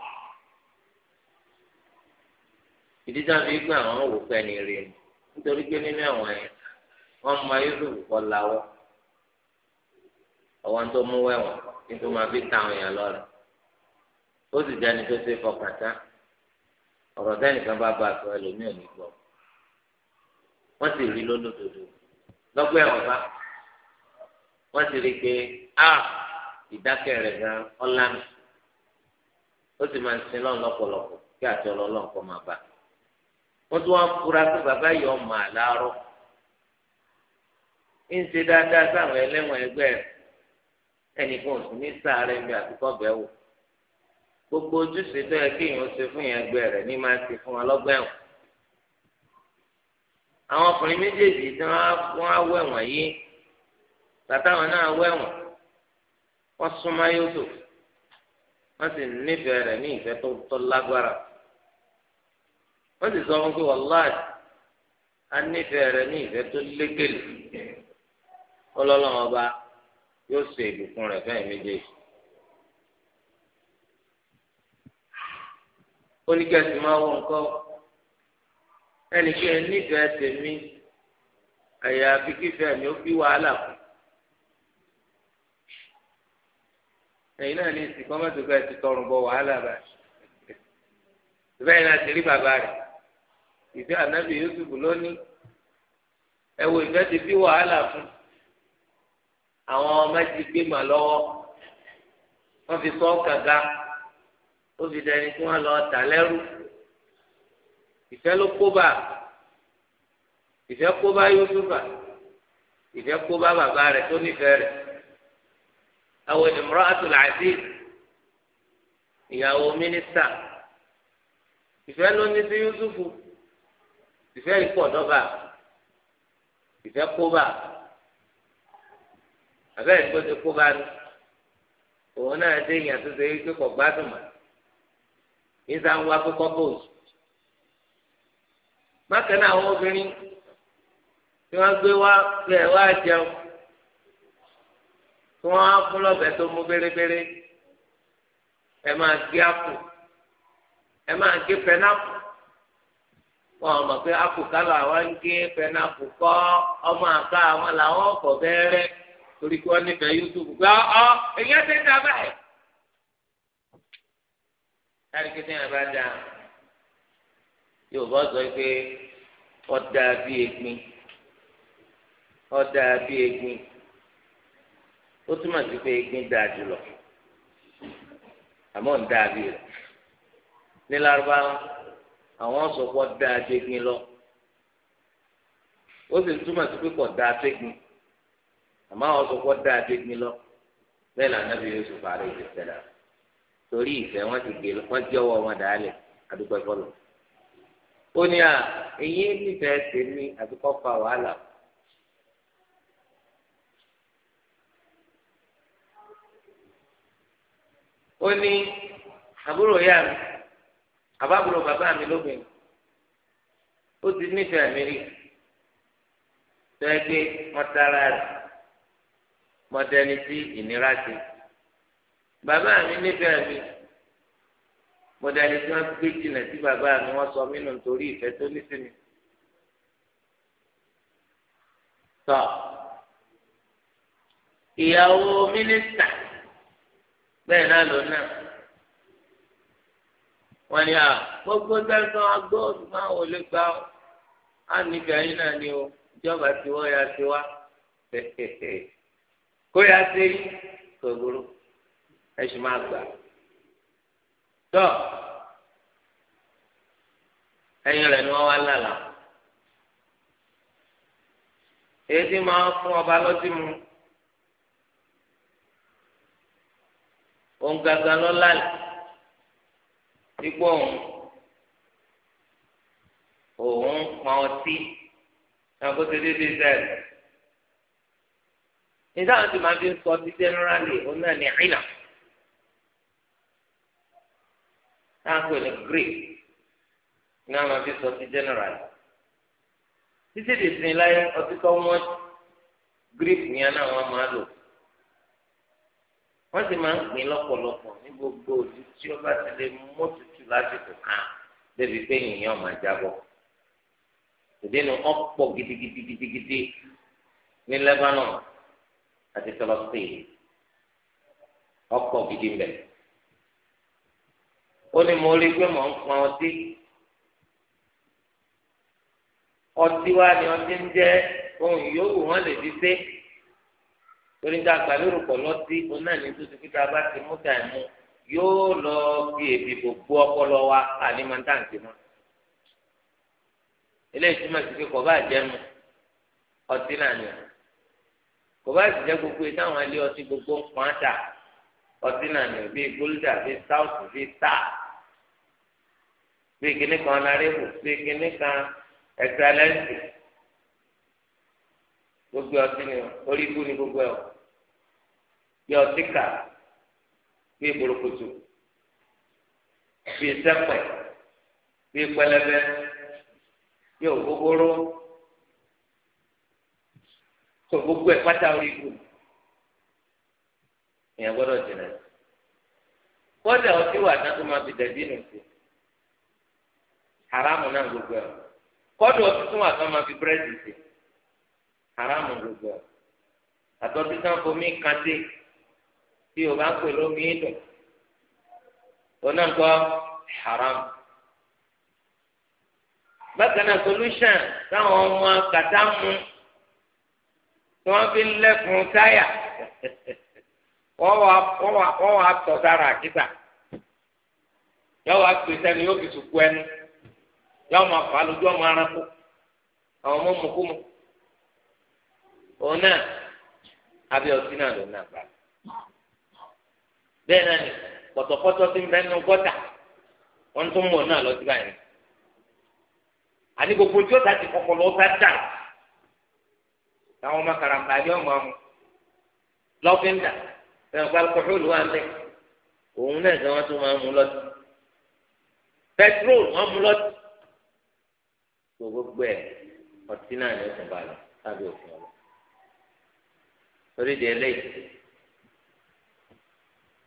ìdí tá a fi gbé àwọn wò pé ẹni rí ni nítorí pé nínú ẹ̀wọ̀n yẹn wọ́n mọ yusuf kọ́ lawọ́ àwọn tó mú wẹ̀wọ̀n nítorí máa fi ta àwọn èèyàn lọ́rẹ̀ ó sì jáde tó ṣe fọkàn tán ọ̀rọ̀ sẹ́nìkan bá bá a sọ ẹlòmíì ò ní gbọ́ wọ́n sì rí lólódodo lọ́gbẹ́ ẹ̀wọ̀n bá wọ́n sì rí i pé a ìdákẹ́ rẹ̀ gan ọ́lá ó sì máa ń sin lọ́nà lọ́pọ̀lọpọ̀ kí àti ọlọ́lọ́nkọ́ máa bá wọ́n tún wá fura pé bàbá yìí ọmọ àlárọ ń ṣe dáadáa sáwọn ẹlẹ́wọ̀n ẹgbẹ́ ẹnìkan ò sí ní sáré mi àtúkọ bẹ́ẹ̀ wò gbogbo ojúṣe tó yẹ kí èèyàn ṣe fún yẹn ẹgbẹ́ rẹ̀ ní máa ṣe fún ọlọ́gbà ẹ̀wọ̀n àwọn ọkùnrin méjèèjì tí wọ́n á wọ ẹ̀wọ̀n yìí tàtàwọn náà wọ ẹ̀wọ̀n wọ́n súnmọ́ yóò tó wọ́n sì nífẹ̀ẹ́ rẹ̀ ní ìfẹ́ tó lágbára wọ́n sì sọ fún pé wàláì a nífẹ̀ẹ́ rẹ ní ìfẹ́ tó lékele ọlọ́lọ́wọ́n ọba yóò ṣe ìbùkún rẹ̀ fẹ́ẹ̀ méjèèjì. oníkẹ́sì máa wọ nǹkan ẹnìkan nífẹ̀ẹ́ tèmi àyà abikífẹ́ mi ó bí wàhálà kù. ẹ̀yin náà ní ìsìnkú ọmọ fẹ́ẹ́ ti tọrùn bọ wàhálà báyìí. bẹ́ẹ̀ náà ti rí bàbá rẹ̀ ìfẹ́ ànábì Yusuf lónìí ẹ̀wò ìfẹ́ ti bí wàhálà fún àwọn ọmọ ti gbé mà lọ́wọ́ wọ́n fi sọ kàga ó fi dẹni tí wọ́n lọ tà lẹ́rú ìfẹ́ ló kó bá ìfẹ́ kó bá Yusuf ìfẹ́ kó bá bàbá rẹ̀ tó nífẹ̀ẹ́ rẹ̀ àwọn ìmọ̀ràn àtúnláàtì ìyàwó mínísítà ìfẹ́ ló ní sí Yusufu ìfẹ́ ìpọ̀ dọ́gba ìfẹ́ kóbá àbẹ́ ìgbó ti kóbá ni òun náà dé ìyàn tó ṣe wípé kò gbádùn mà níta ń wá pé kọ́pọ̀s bákan náà àwọn obìnrin tí wọ́n gbé wá pé ẹ̀ wá jẹun tí wọ́n á fún lọ́bẹ̀ tó mú bérebére ẹ máa gé àpò ẹ máa gé pẹ́nápù wọn mọ̀ pé apòkálọ̀ àwọn ń gé pẹnapù kọ́ ọmọ àká àwọn làwọn ọkọ̀ bẹ́ẹ̀rẹ́ torí kí wọ́n nífẹ̀ẹ́ yusuf gbá ọ èyí ẹ̀ ti ń dábàá ẹ̀. láti kí ẹ̀ bá dá yorùbá sọ pé ọ̀dà bíi egbin ọ̀dà bíi egbin ó túmọ̀ sí pé egbin dáa jùlọ àmọ́ ń dáa bíi rẹ̀ ní lárúbáwá àwọn sọ pé da adégún lọ ó sì túmọ̀ sí pé kò da adégún àmọ́ àwọn sọ pé da adégún lọ bẹ́ẹ̀ lànàbí Yusuf ààrẹ ìdẹ́sẹ̀dá torí ìfẹ́ wọn ti gbé wọn jẹ́ ọwọ́ wọn dàálẹ̀ àdúgbò ẹ̀fọ́ lọ. ó ní à èyí nífẹ̀ẹ́ tèmi àti kọ́ fa wàhálà. ó ní àbúrò yá mi àbábúrò bàbá mi lóbìnrin ó ti nífẹ̀ẹ́ mi rí tẹ́gbẹ́ mọ́tara rẹ̀ mọ́tẹ́ni tí ìnira ti bàbá mi nífẹ̀ẹ́ mi mọ́tẹ́ni tí wọ́n gbé jìnà sí bàbá mi wọ́n sọ mí nù nítorí ìfẹ́ tó ní sí mi. tọ́ ìyàwó mínísítà bẹ́ẹ̀ náà lò náà wọ́n ní à gbogbo sẹ́ńtọ́ agbóhùn máa wò lè gbà ó á nífẹ̀ẹ́ yín náà ni o ìjọba tiwọ́ ya tiwa kó ya ṣe yín kò burú ẹ sì máa gbà. tọ́ ẹyin rẹ̀ ni wọ́n wá lálàá èyí tí máa fún ọba lọ́tí mu òun gàgà lọ́lá yìí ikú òun òun pọn ọtí náà kó ṣe déédéé sẹ́ẹ̀. nígbà tó máa fi ń sọ ti jẹ́nẹ́rálì òun náà ní àìnà náà pè ní greek náà máa fi sọ ti jẹ́nẹ́rálì. títí di sin láyé ọtí tó wọ́n greek yẹn náà wọ́n máa lò wọ́n sì máa ń pín lọ́pọ̀lọpọ̀ ní gbogbo òtún tí ó mọ́tò lásìkò kan débi pé yìnyín ọmọ àjábọ̀ ìdínú ọ̀pọ̀ gidigidigidigidi ní Lebanon àti Palestine ọpọ gidi mbẹ ó ní mo rí pé mò ń pọn ọtí ọtí wa ni ọtí ń jẹ ohun yòówù wọn lè fi torí ń ní yóò lọ fi èdè gbogbo ọpọlọ wa àní máa ń tàǹtì mọ eléyìí túmọ̀ sí pé kò bá jẹnu ọtí náà ni kò bá sì jẹ gbogbo yìí táwọn ilé ọtí gbogbo ń pọn àtà ọtí náà ni bíi gólúdà bíi sáùtù bíi tà bíi kíní kan nárébù bíi kíní kan ẹsẹlẹsì gbogbo ọtí ni orí ikú ni gbogbo ẹ o ọtí kà. bíi burúkutu bíi sẹpẹ bíi pẹlẹbẹ bíi ògógóró tó gbogbo ẹ pátá orí ikú ìyẹn gbọ́dọ̀ jìnnà kódà ọtí wà dáko máa fi haramu náà gbogbo ẹ kódà ọtí tún wà tó máa fi búrẹ́dì sí haramu gbogbo ẹ àtọ́tí tí o bá ń pè lómi dùn onáńkọ haram bákan náà solution táwọn ọmọ kàtá mu tí wọ́n fi ń lẹ́kùn táyà wọ́n wà tọ̀ sára àkíta yọ wá pè sẹ́ni yóò fi sùkú ẹnu yọ máa fà á lójú ọmọ aránkó àwọn bẹ́ẹ̀ náà ni pọ̀tọ̀pọ̀tọ̀ ti ń bẹ nínú gọ́tà wọ́n tún mọ̀ náà lọ sí báyìí àní gbogbo tí ó ta ti kọ̀kọ̀ lọ sá dà táwọn ọmọ karambà ni ọmọ ọmọ lọ́fíńdà ẹ̀rọ alukọ̀hólù wà mẹ́ òun náà ni wọ́n tún máa mú lọ́tì pẹtrol wọ́n mú lọ́tì gbogbo ẹ̀ ọtí náà ni ó tún bá lọ sábẹ́ òfin ọ̀rọ̀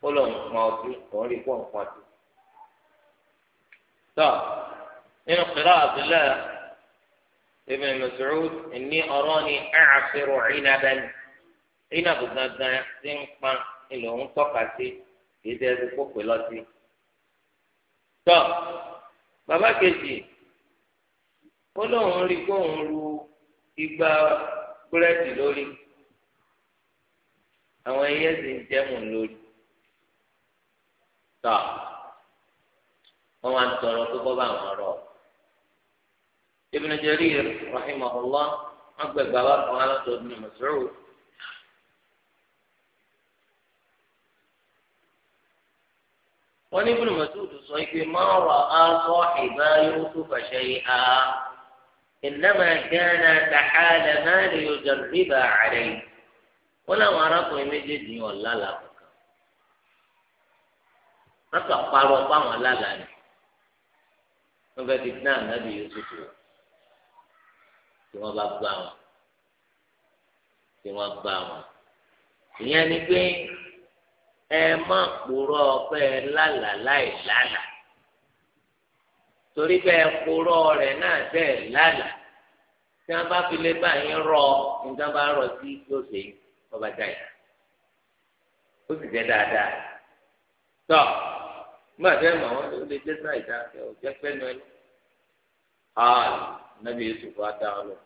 ó lọ nǹkan ọdún òun rí kó nǹkan ọdún. tọ́ nínú kìlá Abdullah ibn Mas'ud inni arani a'asiru inaban inabu gangan ti ń pa ilẹ̀ òun tọ́ka sí kì í dẹ́rù pópè lọ́sí. tọ́ bàbá kejì ó lóun rí kó òun ru igba búrẹ́dì lórí àwọn ẹyẹ sì ń jẹun lórí tọ́ wọ́n wá ń tọrọ pé kọ́ bá wọn rọ̀ Ibn Jarir rahimahullah wọ́n gbẹ̀gbà wá kan alátọ́ Ibn Mas'ud. wọ́n ní Ibn Mas'ud sọ pé máa rọ aṣọ ìbá Yusuf shay'an innama kana tàhálà náà lè yọjọ rírà àrẹ yìí wọ́n láwọn arákùnrin méjèèjì yàn lálàá wọn kà parọ́ fáwọn lálàá ni wọn fẹẹ ti dín ànábì Yúsúfù tí wọn bá gbá wọn tí wọn gbá wọn ìyẹn ni pé ẹ má kúrò ọpẹ lálàá láì lálàá torí bẹ́ẹ̀ kúrò rẹ̀ náà bẹ́ẹ̀ lálàá tí wọn bá fi lé báyìí rọ nǹkan bá rọ sí yóò ṣe ọba jáì ó sì jẹ dáadáa tọ. So, nígbà tẹ́ ẹ̀ mọ̀ wọ́n ló lè jẹ́ sáìdá ẹ̀ ò jẹ́ pẹ́nu ẹ̀ ààrẹ nàbí yusuf adá lọ.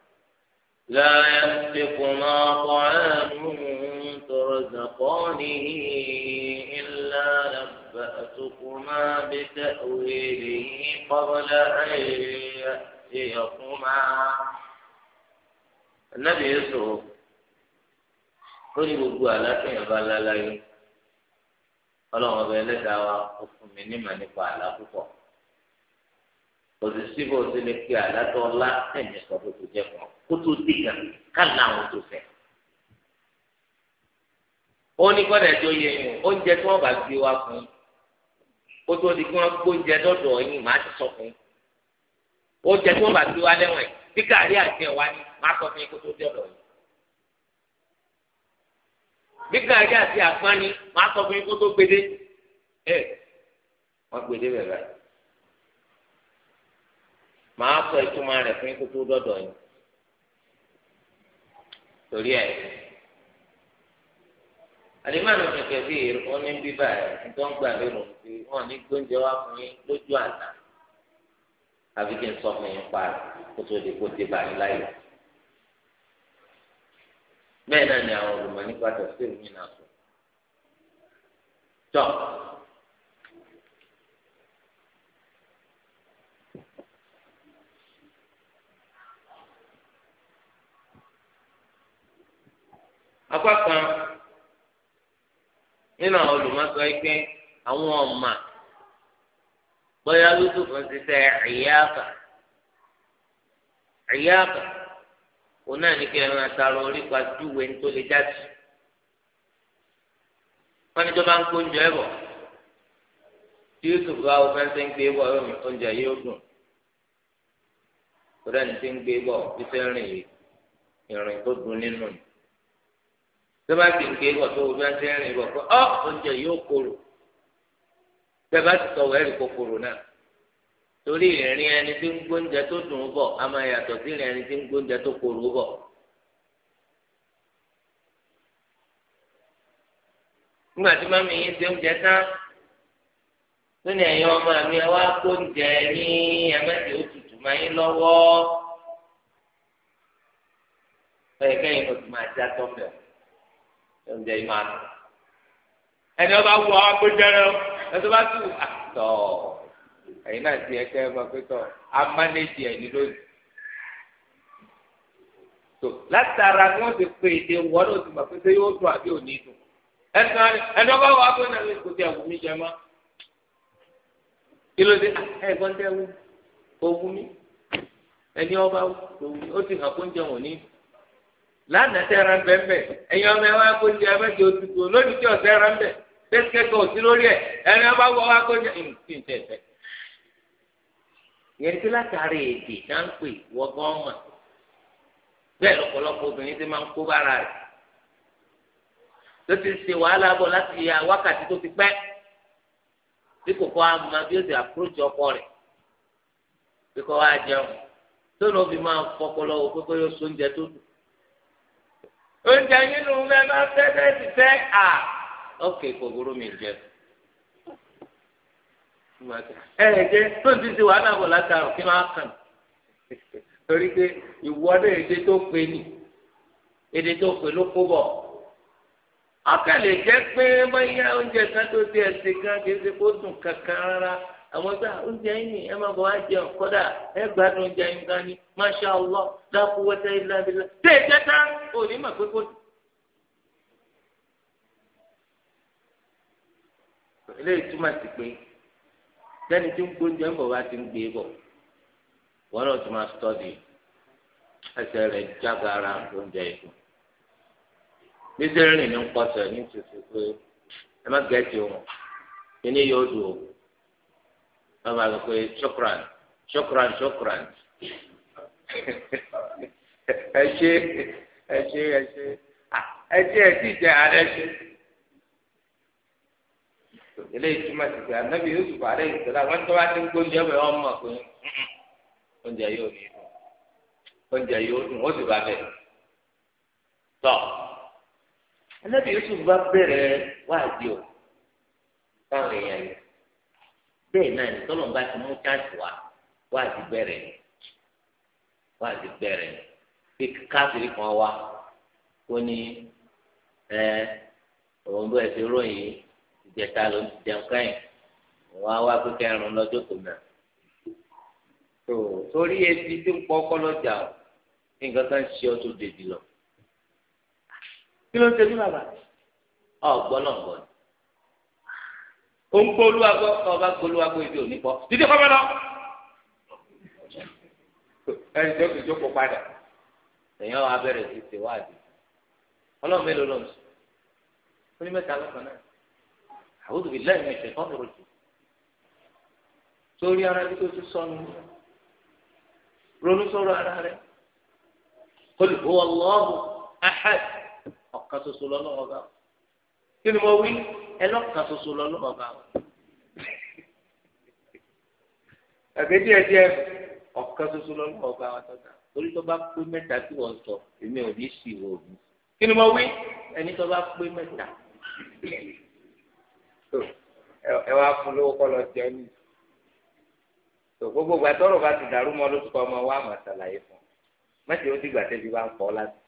láyé ti kù máa kọ́ ẹ̀mú tọrọ zàkọ́ni ilá nàbà tó kù máa bí tẹ́ òwèrè yìí kọ́bọ́lá ẹ̀yẹ ẹ̀yọkùn máa. nàbí yusuf ó ní gbogbo àlàáfíà bá láláyé ọlọ́run ọba ẹlẹ́dàá wa ó fún mi nímọ̀ nípa àlá púpọ̀ òsì síbò sí ni pé àlá tó ńlá ẹ̀mí sọ pé kò jẹ́ fún ọ kó tó dìgà kálá àwọn tó fẹ́ ó ní kọ́dà tó yẹ yín oúnjẹ tí wọ́n bá gbé wá fún yín tó di kí wọ́n gbóúnjẹ dọ́dọ̀ yín màá ti sọ fún oúnjẹ tí wọ́n bá gbé wá lẹ́wọ̀n yìí bí káàrí àti ẹ̀wá ni màá sọ fún yín kó tó dọ́dọ̀ yín bí gàrí àti àgbáni máa sọ fún yín kó tó gbede ẹ wọn gbede bẹ̀rẹ̀ báyìí máa sọ ìtumọ̀ rẹ̀ fún yín kó tó dọ̀dọ̀ yín torí ẹ̀ alimami kẹkẹ bí oní bíbá ẹ tó ń gbà lérò sí wọn ní gbóúnjẹ wá fún yín lójú àná àbí kí sọ fún yín pa kó tó di kó dé báyìí láyé. bẹ́ẹ̀ náà ni àwọn olùmọ̀ nípa tẹ̀síìrì mi náà sọ. tọ́ apá kan nínú àwọn olùmọ̀ sọ pé àwọn ọ̀ma bóyá lóṣù kan ti òun náà ní kí ẹ máa taro orí pa júwe ní tó lè jáde wọn ní tó bá ń kó oúnjẹ bọ̀ tí yusuf bá wọn fẹsẹ̀ ń gbé bọ̀ oúnjẹ yóò dùn kódà ní ti ń gbé bọ̀ fífẹ́ rìn yìí ìrìn tó dùn nínú ni tó bá ti ń gbé bọ̀ tó wọn fẹsẹ̀ rìn bọ̀ pé ọ oúnjẹ yóò korò tẹ bá ti sọ wẹ́rì kòkòrò náà torí ìrìn ẹni tí ń gbóúnjẹ tó dùn bọ̀ a máa yàtọ̀ sí ìrìn ẹni tí ń gbóúnjẹ tó korò bọ̀. nígbà tí mami yín ṣe oúnjẹ tán tó ní ẹ̀yin ọmọ mi wá gbóúnjẹ yín ẹ̀mẹ́tì òtútù máa yín lọ́wọ́ bẹ́ẹ̀ kẹ́yìn kò tún máa já tọ́fẹ̀ oúnjẹ yín máa tọ̀. ẹni ọba wù ọ́ gbóúnjẹ rẹ ẹ tó bá tù àtọ̀ ẹ̀yin náà ti ẹ̀kẹ́ ẹ̀ pẹ̀tọ̀ amánéjì ẹ̀ ní lónìí. tó látara ni wọ́n ti pè é dé wọ́n náà ti mọ̀ pé ṣé yóò dùn àbí òní dùn. ẹnu ọba wa pé náà kò tí ẹ̀wù mi jẹ mọ́. kí ló dé ẹ̀gbọ́n tẹ́ wù owú mi ẹni ọba òwú mi ó ti hàn kó ń jẹun òní. lánàá tẹ́ ra bẹ́ẹ̀ bẹ́ẹ̀ ẹ̀yin ọmọ ẹ wá kó ń jẹ abẹ́jọ́ òtútù lónìí tí ọ̀sẹ̀ ra bẹ́ẹ̀ pẹ́sìkẹ́kẹ́ òsí lórí ẹ̀ ẹni ọba wọ kó ń jẹ ìyẹn ni pé látàrí èdè náà ń pè wọgán mà bẹ́ẹ̀ lọ́pọ̀lọpọ̀ obìnrin ti máa ń kó bára rẹ̀ tó ti ṣe wàhálà bọ̀ láti ya wákàtí tó ti pẹ́ bí kò kọ́ àmọ́ bí ó ti àpúròjì ọkọ rẹ̀ bí kò wá jẹun tó ló fi máa fọpọlọ wò pé kó yóò so oúnjẹ tó dùn oúnjẹ yín ló ń máa fẹ́ fẹ́ ti fẹ́ à ókè kò mi jẹ. ẹ jẹ tó ti ṣe wàhálà bọ̀ látàrọ̀ kí máa kàn torí pé ìwọ́dọ̀ èdè tó pé nì èdè tó pé ló kó bọ̀ ọkàn lè jẹ́ pé bóyá oúnjẹ kan tó ti ẹ̀sìn kan kì í ṣe kó dùn kankan rárá àwọn gbà oúnjẹ yìí ẹ wá ẹ gbádùn masha allah dákú ẹ mà sẹ́ni tí ń gbóúnjẹ ń bọ̀ wá ti ń gbé bọ̀ wọ́n náà ti máa sọ́ọ̀dì ẹsẹ̀ rẹ̀ jágara oúnjẹ ìfún. bísí rìn ní pọ̀sẹ̀ ní tuntun pé ẹ má gẹ̀ẹ́tì òun kíní yóò dùn ó wọ́n máa sọ pé ẹ ṣe ẹ ṣe ẹ ṣe ẹ ṣe ẹ ti jẹ ààrẹ ṣe. ele túmọ̀ sí pé anábì yóò sùpà rẹ̀ ìṣẹ̀lá wọn tó bá ti ń gbóúnjẹ bẹ̀ wọ́n mọ̀ oúnjẹ yóò ní oúnjẹ yóò dùn ó sì bá bẹ̀ tọ̀ anábì yóò sùpà bẹ̀rẹ̀ wáàdì o táwọn èèyàn yìí bẹ́ẹ̀ náà ní tọ́lọ̀ bá ti mú chance wá wáàdì bẹ̀rẹ̀ wáàdì bẹ̀rẹ̀ bí káfíìrì kan wá ó ní ẹ òun bó ẹ ti ìjẹta ló ń jẹun káyìn wọn á wá pé kẹrin lọ́jọ́ tó náà tó torí etí tó ń pọ ọkọ lọjà o nǹkan kan ṣe ọ tó dèjì lọ kí ló ń tẹbi bàbá ọgbọ́n náà gbọ́ ni ó ń gbólú agbọ́ ọba gbólú agbọ́ ibi òní pọ̀ dídí kọ́ bẹ́ẹ̀ lọ. ẹni tó fi jókòó padà èèyàn wa sí ti wáàdì ọlọ́run mélòó ló ń sùn ó ní mẹ́ta lọ́kàn náà àwùjọ bíi lẹ́yìn ẹ̀ṣẹ̀ kan lòrò jù sórí ara bí tó ti sọnù ronú sọ̀rọ̀ ara rẹ̀ qul huwa Allahu ahad ọ̀kan ṣoṣo lọ́nà ọba kí ni mo wí ẹlọ́kan ṣoṣo lọ́nà ọba àgbẹ̀dí ẹ̀dí ẹ̀ ọ̀kan ṣoṣo lọ́nà ọba wa tọ́ta torí tó bá pé mẹ́ta tí wọ́n sọ èmi ò ní sí ìwọ òbí kí ni mo wí ẹni tó bá pé mẹ́ta ẹ wá fún lówó kọ́ lọ jẹun ní tò gbogbo ìgbà tọ́rọ̀ bá ti dàrú mọ́ lóṣù kọ́ ọmọ wa mà ṣàlàyé fún mẹ́tì ó ti gbà tẹ́bi bá ń pọ̀ láti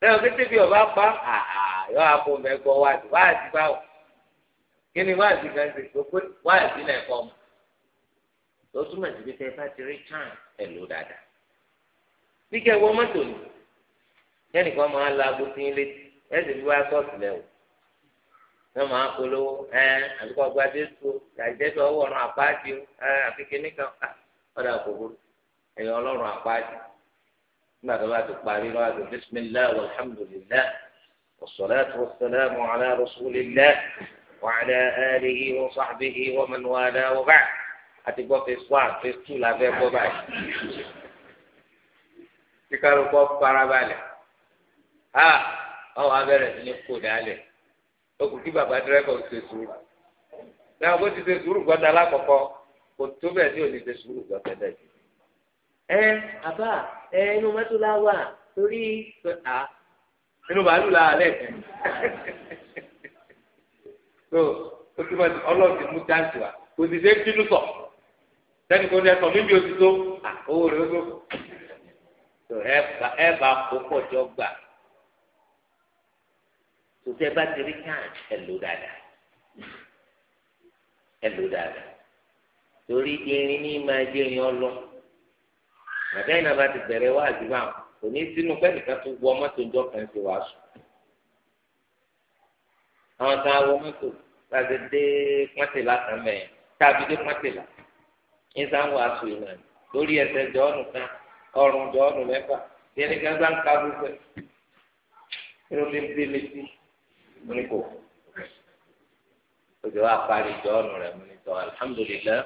lẹ́yìn pé tẹ́bi ọba pa àhà yọ àpò mẹ́gbọ́ wá sí wá sí báwò kí ni wá sí kan ṣe gbogbo wá sí náà kọ́ ọmọ tó túmọ̀ sí pé bá ti rí chán ẹ̀ ló dáadáa bí kẹ́ wọ mọ́tò ni kẹ́nìkan máa la agbófinlé ẹ̀ sì fi wá sọ́ọ̀tì lẹ́wọ̀ wọn máa polówó ẹ àbíkọ gba jésù àìjẹsọ ọwọ ọrùn àpáàdì ẹ àfi kíní kan ọdọ àkókò ẹyọ ọlọ́run àpáàdì nígbà tó bá ti parí lọ àti bisimilahi alhamdulilayi wasalaatu wasalaamu ala rasulilayi wa ala alihi wa sahbihi wa man wala wa ba'd àti gbọ́ phase one phase la fẹ́ gbọ́ báyìí kíkàlùkọ́ farabalẹ̀ a ọ̀ wá bẹ̀rẹ̀ sí ní kó dálẹ̀ ó kù kí bàbá dírẹ́fà ó ṣe sùúrù náà bó ti ṣe sùúrù gbọ́dọ̀ alákọ̀ọ́kọ́ kò tó bẹ́ẹ̀ tí ò ní ṣe sùúrù gbọ́dọ̀ dẹ̀ jù. ẹ àbá ẹ inú mọ́tò la wà torí à inú bàálù la alẹ́ kẹ́ so ó túmọ̀ sí ọlọ́ọ̀tì mú dáńtì wa kò sì ṣe é bínú sọ sẹ́ni kò ní ẹ̀sán níbi òtítọ́ owó rẹ̀ ó gbó ẹ bá kó pọ̀ jọ gbà tòtẹ́ bá ti rí kàn ẹ̀ lò dáadáa ẹ̀ lò dáadáa torí irin ní máa jẹ́ irin ọlọ́ bàtà yìí náà bá ti bẹ̀rẹ̀ wá àdúrà kò ní sínú pẹ́ẹ́lí kan tó wọ mọ́tò ìjọ kan ti wá sùn àwọn kan wọ mọ́tò láti dé pọ́ńtìlá kan mẹ́ẹ̀ tàbí dé pọ́ńtìlá ní sáwọn aṣọ ìlànà lórí ẹsẹ̀ jọ́ọ̀nù kan ọrùn jọ́ọ̀nù mẹ́fà yẹnì kan sáà ń ka gbogbo ẹ̀ kí ló dé bí mi sí i. Muniko. ní kò òjò wa parí ìjọ ọ̀nù rẹ̀ mo ní tọ́ alhamdulillah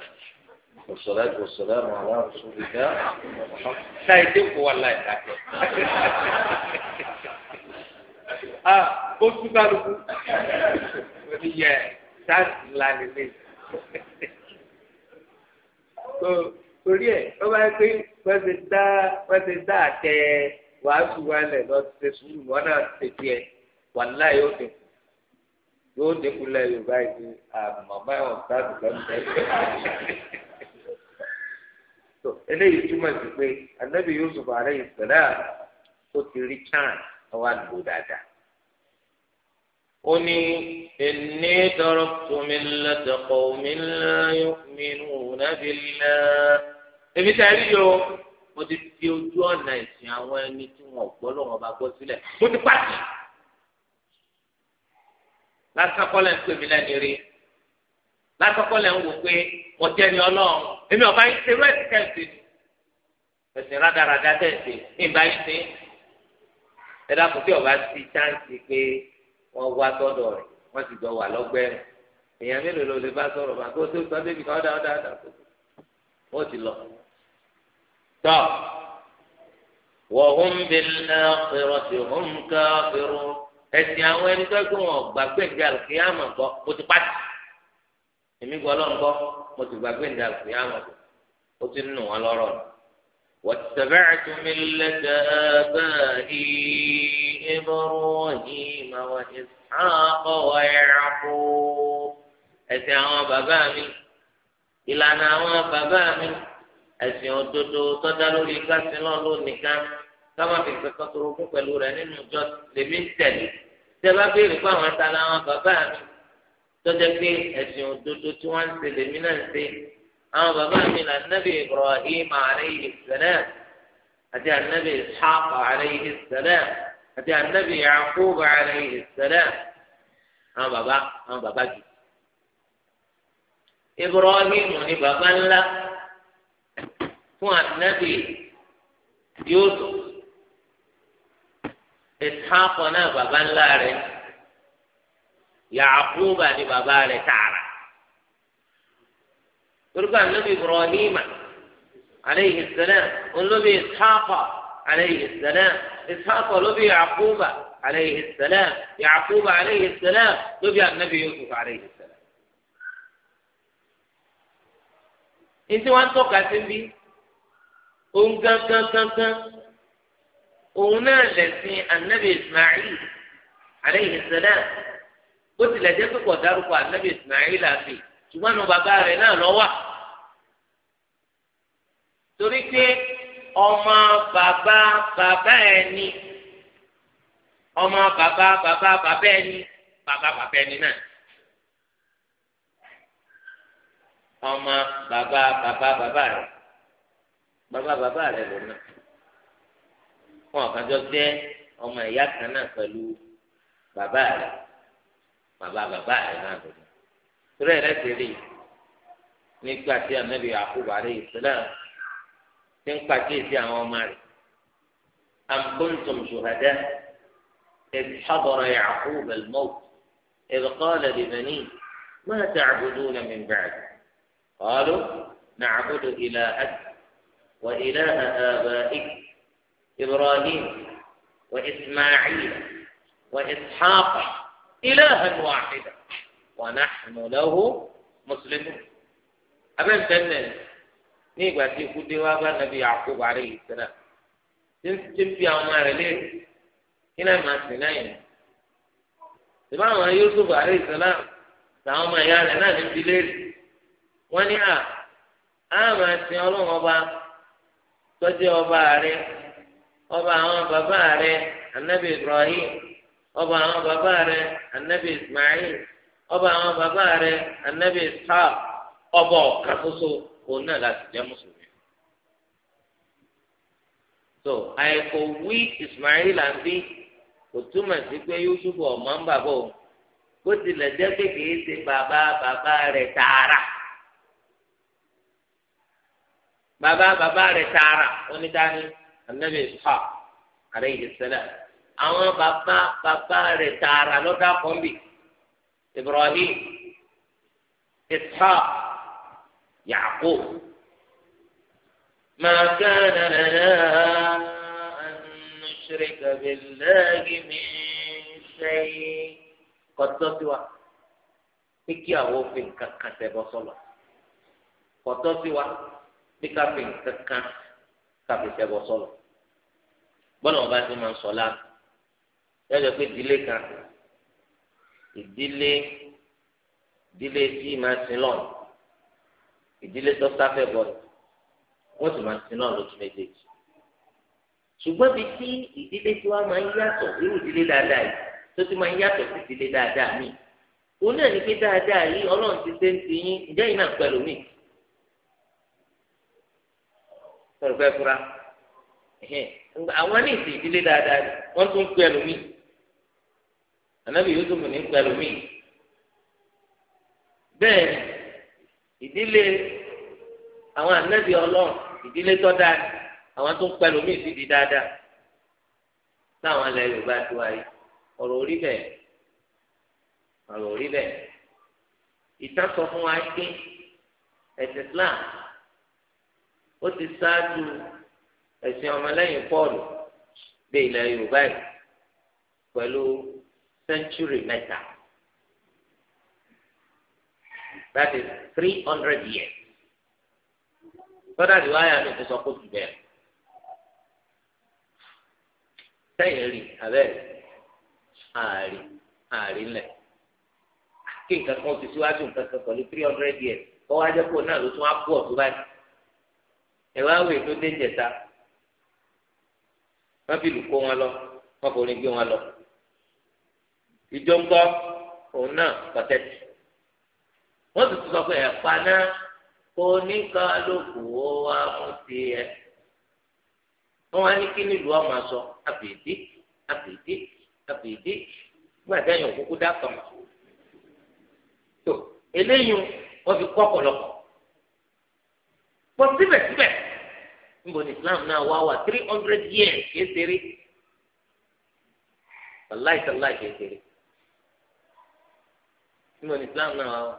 wassalatu wassalamu ala rasulillah táyì dínkù wà láì dákẹ́. a ah, ó tún kálukú mo ní yẹ táàsì ńlá nílé torí ẹ wọn bá pé wọn ti dá wọn ti dá àtẹ wàásù wálẹ lọ ti ṣe sùúrù wọn náà ṣe tiẹ̀ wàláyé ó ti yóò dínkù lẹ yorùbá yìí ti àmọ́ báyọ̀ sáàdù lọ́sẹ̀. tó eléyìí túmọ̀ sí pé anábì Yusuf alayhi salam ó ti rí chan ọwọ́ àdúgbò dáadáa. ó ní inni taraktu millata qawmin la yu'minuna billah. èmi tá a rí yòó mo ti fi ojú ọ̀nà ìsìn àwọn ẹni tí wọ́n gbọ́ lọ́wọ́ bá gbọ́ sílẹ̀ mo ti pàṣẹ lásán kọ́lẹ̀ ń pè mí lẹ́nu rí lásán kọ́lẹ̀ ń wò pé mo jẹ́ ni ọlọ́run èmi ọ̀bá yín ṣe rẹ́ẹ̀sì kẹ́ǹsì ẹ̀sìn rádaràdá kẹ́ǹsì ní ìbá yín ṣe ẹ dákun tí ọba sí chánsì pé wọ́n wá sọ́dọ̀ rẹ̀ wọ́n sì jọ wà lọ́gbẹ́rún èèyàn mélòó ló lè bá sọ̀rọ̀ bá kó tó sọ débi ká ọ̀dà ọ̀dà ọ̀dà ti lọ. tọ́ wọ́n náà fẹ́rọ̀ sí hùn káfíìrún ẹ̀sìn àwọn ẹni tó ẹgbẹ́ wọn gbàgbé ìdí àlùkìyàmọ̀ gbọ́ mo ti pàtì èmi gbọ́ lọ́n gbọ́ mo ti gbàgbé ìdí àlùkìyàmọ̀ gbọ́ ó ti nù wọn lọ́rọ̀ nù. واتبعت ملة آبائي إبراهيم وإسحاق ويعقوب ẹ̀sìn àwọn bàbá mi ìlànà àwọn bàbá mi ẹ̀sìn òdodo sábà fi kankan tó ogún pẹ̀lú rẹ̀ nínú ìjọ lèmi ń tẹ̀lé tẹ́lá béèrè fún àwọn ta láwọn bàbá mi tọ́jà pé ẹ̀sìn òdodo tí wọ́n ń ṣe lèmi náà ń ṣe àwọn bàbá mi là nàbì Ibrahim alayhi salam àti ànàbì Ishaq alayhi salam àti ànàbì Yaqub alayhi salam àwọn bàbá àwọn bàbá jù. Ibrahim ni bàbá ńlá fún ànàbì Yusuf. ìtàkùn náà bàbá ńlá rẹ̀ yàkúbà ni bàbá rẹ̀ tààrà toríko ànábì ibrahima aleyhi sẹlẹm olóbi ìtàkùn aleyhi sẹlẹm ìtàkùn olóbi yàkúbà aleyhi sẹlẹm yàkúbà aleyhi sẹlẹm lóbi ànábì yusuf aleyhi sẹlẹm. ní tí wọ́n ń tọ́ka sí bí ohun gángan gángan. òun náà lẹ̀sìn anabi ismail aleyhi salam bó tilẹ̀ jẹ́ pípọ̀ dárúkọ anabi ismail àfi ṣùgbọ́n nu bàbá rẹ̀ náà lọ wà torí pé ọmọ bàbá bàbá ẹni ọmọ bàbá bàbá bàbá ẹni bàbá bàbá ẹni náà ọmọ bàbá bàbá bàbá rẹ̀ bàbá bàbá rẹ̀ lọ wọn kàn jọ jẹ́ ọmọ ìyá kan náà pẹ̀lú ẹyà kan rẹ̀ bàbá bàbá rẹ̀ náà lòdì torí ẹ̀rẹ́ àkóbá anabi àkóbá rẹ̀ ìsìlẹ̀ ti ń pàkíyèsí àwọn ọmọ rẹ̀ àǹkóńtòm ṣòhádẹ́ ẹ̀dí ṣàbọ̀rọ̀ ẹ mọ́t ẹ̀dí kọ́lẹ̀ lìbẹ̀ní bẹ̀ni tẹ̀ àbùdó nà mí bẹ̀rẹ̀ àbùdó ìlà àti wà ìlà àbá آبائك إبراهيم وإسماعيل وإسحاق إلها واحدا ونحن له مسلمون أبن تنين نيجا تيكو ديوابا نبي يعقوب عليه السلام تنفي أمار ليه هنا ما سنين سبحان يوسف عليه السلام làwọn يا لنا نبي náà ونيا أما wọ́n ní à á máa ọba àwọn bàbá rẹ anabi ibrahim ọba àwọn bàbá rẹ anabi ismail ọba àwọn bàbá rẹ anabi ishaq ọba ọ̀kan ṣoṣo òun náà láti jẹ́ mùsùlùmí. so àìkò wí ismail àbí kò túmọ̀ sí pé yóṣùbọ̀ ọ̀mọ́ ń bàbá o bó tilẹ̀ jẹ́ pé kìí ṣe bàbá bàbá rẹ̀ tààrà bàbá bàbá rẹ̀ tààrà onídàáni anabi isha aleyhi salam àwọn bàbá bàbá rẹ̀ tààrà lọ́dà kọ́mbì ibrahim isha yaqub ma kana lana an nushrika billahi min shay kọ́tọ́ sí wa pé kí àwọn òfin kankan tẹ̀ bọ́ kọ́tọ́ sí wa pé fi kankan ká fi tẹ̀ bọ́lá wọn bá ti máa ń sọ láàbù yọjọ pé ìdílé kan ìdílé ìdílé tí máa sin lọ ìdílé tó sáfẹ́ bọ̀ wọ́n sì máa sin lọ lóṣù méjèèjì ṣùgbọ́n bí tí ìdílé tí wọ́n máa ń yàtọ̀ irú ìdílé dáadáa yìí tó ti máa ń yàtọ̀ sí ìdílé dáadáa míì òun náà ní pé dáadáa yìí ọlọ́run ti ṣe ń ti yín ìjẹ́ yìí náà pẹ̀lú mi. sọ̀rọ̀ fẹ́ fura àwọn ní ìsìn ìdílé dáadáa wọn tún ń pè ẹlòmíì ànábì Yusuf ní ń pè ìdílé àwọn ànábì Ọlọ́run ìdílé tó dáa àwọn tún ń pè ẹlòmíì sí di dáadáa láwọn ilẹ̀ Yorùbá tó wáyé ọ̀rọ̀ orí bẹ́ẹ̀ ọ̀rọ̀ orí fún wa ó ti ṣáájú. ẹ̀sìn ọmọlẹ́yìn Pọ́ọ̀lù dé ilẹ̀ Yorùbá yìí pẹ̀lú sẹ́ńtúrì mẹ́ta that is three hundred years tọ́dà tí wáyà mi kò sọ kó tù bẹ́ẹ̀ sẹ́yìn rí abẹ́ ààrí ààrí lẹ̀ kí nǹkan kan ti síwájú nǹkan kan pẹ̀lú three hundred years kọ́ wá jẹ́ kó náà ló tún á pọ̀ tó báyìí ẹ̀ wá wèé tó dé jẹ̀ta wọn fi lù kó wọn lọ wọn kò ní gbé wọn lọ ìjọ ń gbọ́ òun náà pàtẹ́tì wọ́n sì tún sọ pé ẹ̀pá náà oníkálukú ó wá mú sí ẹ wọ́n wá ní kí nílùú ọmọ sọ àbèdí àbèdí àbèdí gbàdá yẹn òkúkú dákọ̀ mọ́ tó eléyìí wọ́n fi kọ́ ọ̀pọ̀lọpọ̀ pọ̀ síbẹ̀síbẹ̀ níbo ni islam náà wá wà three hundred years kìí ṣeré wàláì sàláì kìí ṣeré níbo ni islam náà wá wà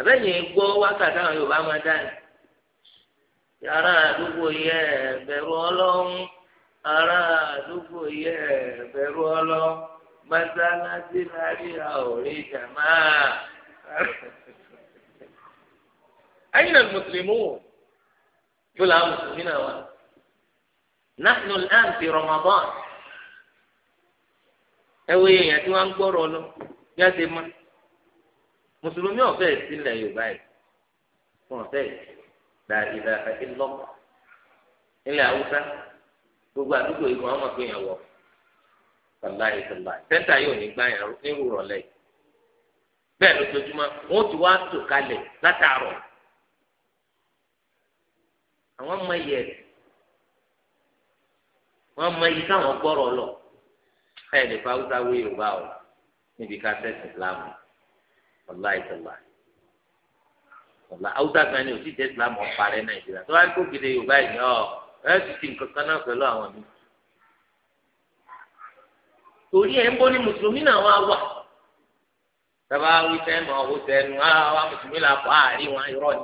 àbẹ́yìn gbọ́ wákàtí àwọn yorùbá máa dá ní yàrá àdúgbò yẹ bẹ̀rù ọlọ́run ará àdúgbò yẹ bẹ̀rù ọlọ́run mọ́sálásí lárí àwòrán ìjàmáà. ayé na yóò làwọn mùsùlùmí náà wà nahnu al-an fi Ramadan ẹ wo èèyàn tí wọ́n ń gbọ́rọ̀ lọ bí a ṣe mọ̀ mùsùlùmí ọ̀fẹ́ ìsílẹ̀ yorùbá yìí fún ọ̀fẹ́ ìdá ìdá ìlọ́pọ̀ ilẹ̀ haúsá gbogbo àdúgbò yìí kan ọmọ pé yẹn wọ̀ sàlàyé sàlàyé sẹ́ńtà yóò ní gbá yẹn nírú rọ̀lẹ́ bẹ́ẹ̀ lójoojúmọ́ wọ́n ti wá tò kalẹ̀ látàárọ̀ àwọn mọ iyì ẹ̀sìn wọ́n mọ iyì káwọn gbọ́rọ̀ lọ ẹ̀ lè fa haúsá wé yorùbá o níbi ká sẹ́sìn islam ọ̀la ìtọ́lá ọ̀la haúsá kan ní òsì jẹ́ islam ọ̀pá rẹ̀ nàìjíríà tó wá kó gidi yorùbá yìí ọ̀ ẹ̀ sì ti nǹkan kan náà pẹ̀lú àwọn mi torí ẹ̀ ń bọ́ ní mùsùlùmí náà wá wà sábà wí fẹ́ mọ̀ ọ́ sẹ́nu àwọn ah, mùsùlùmí làkọ́ àárín wọn irọ́ ni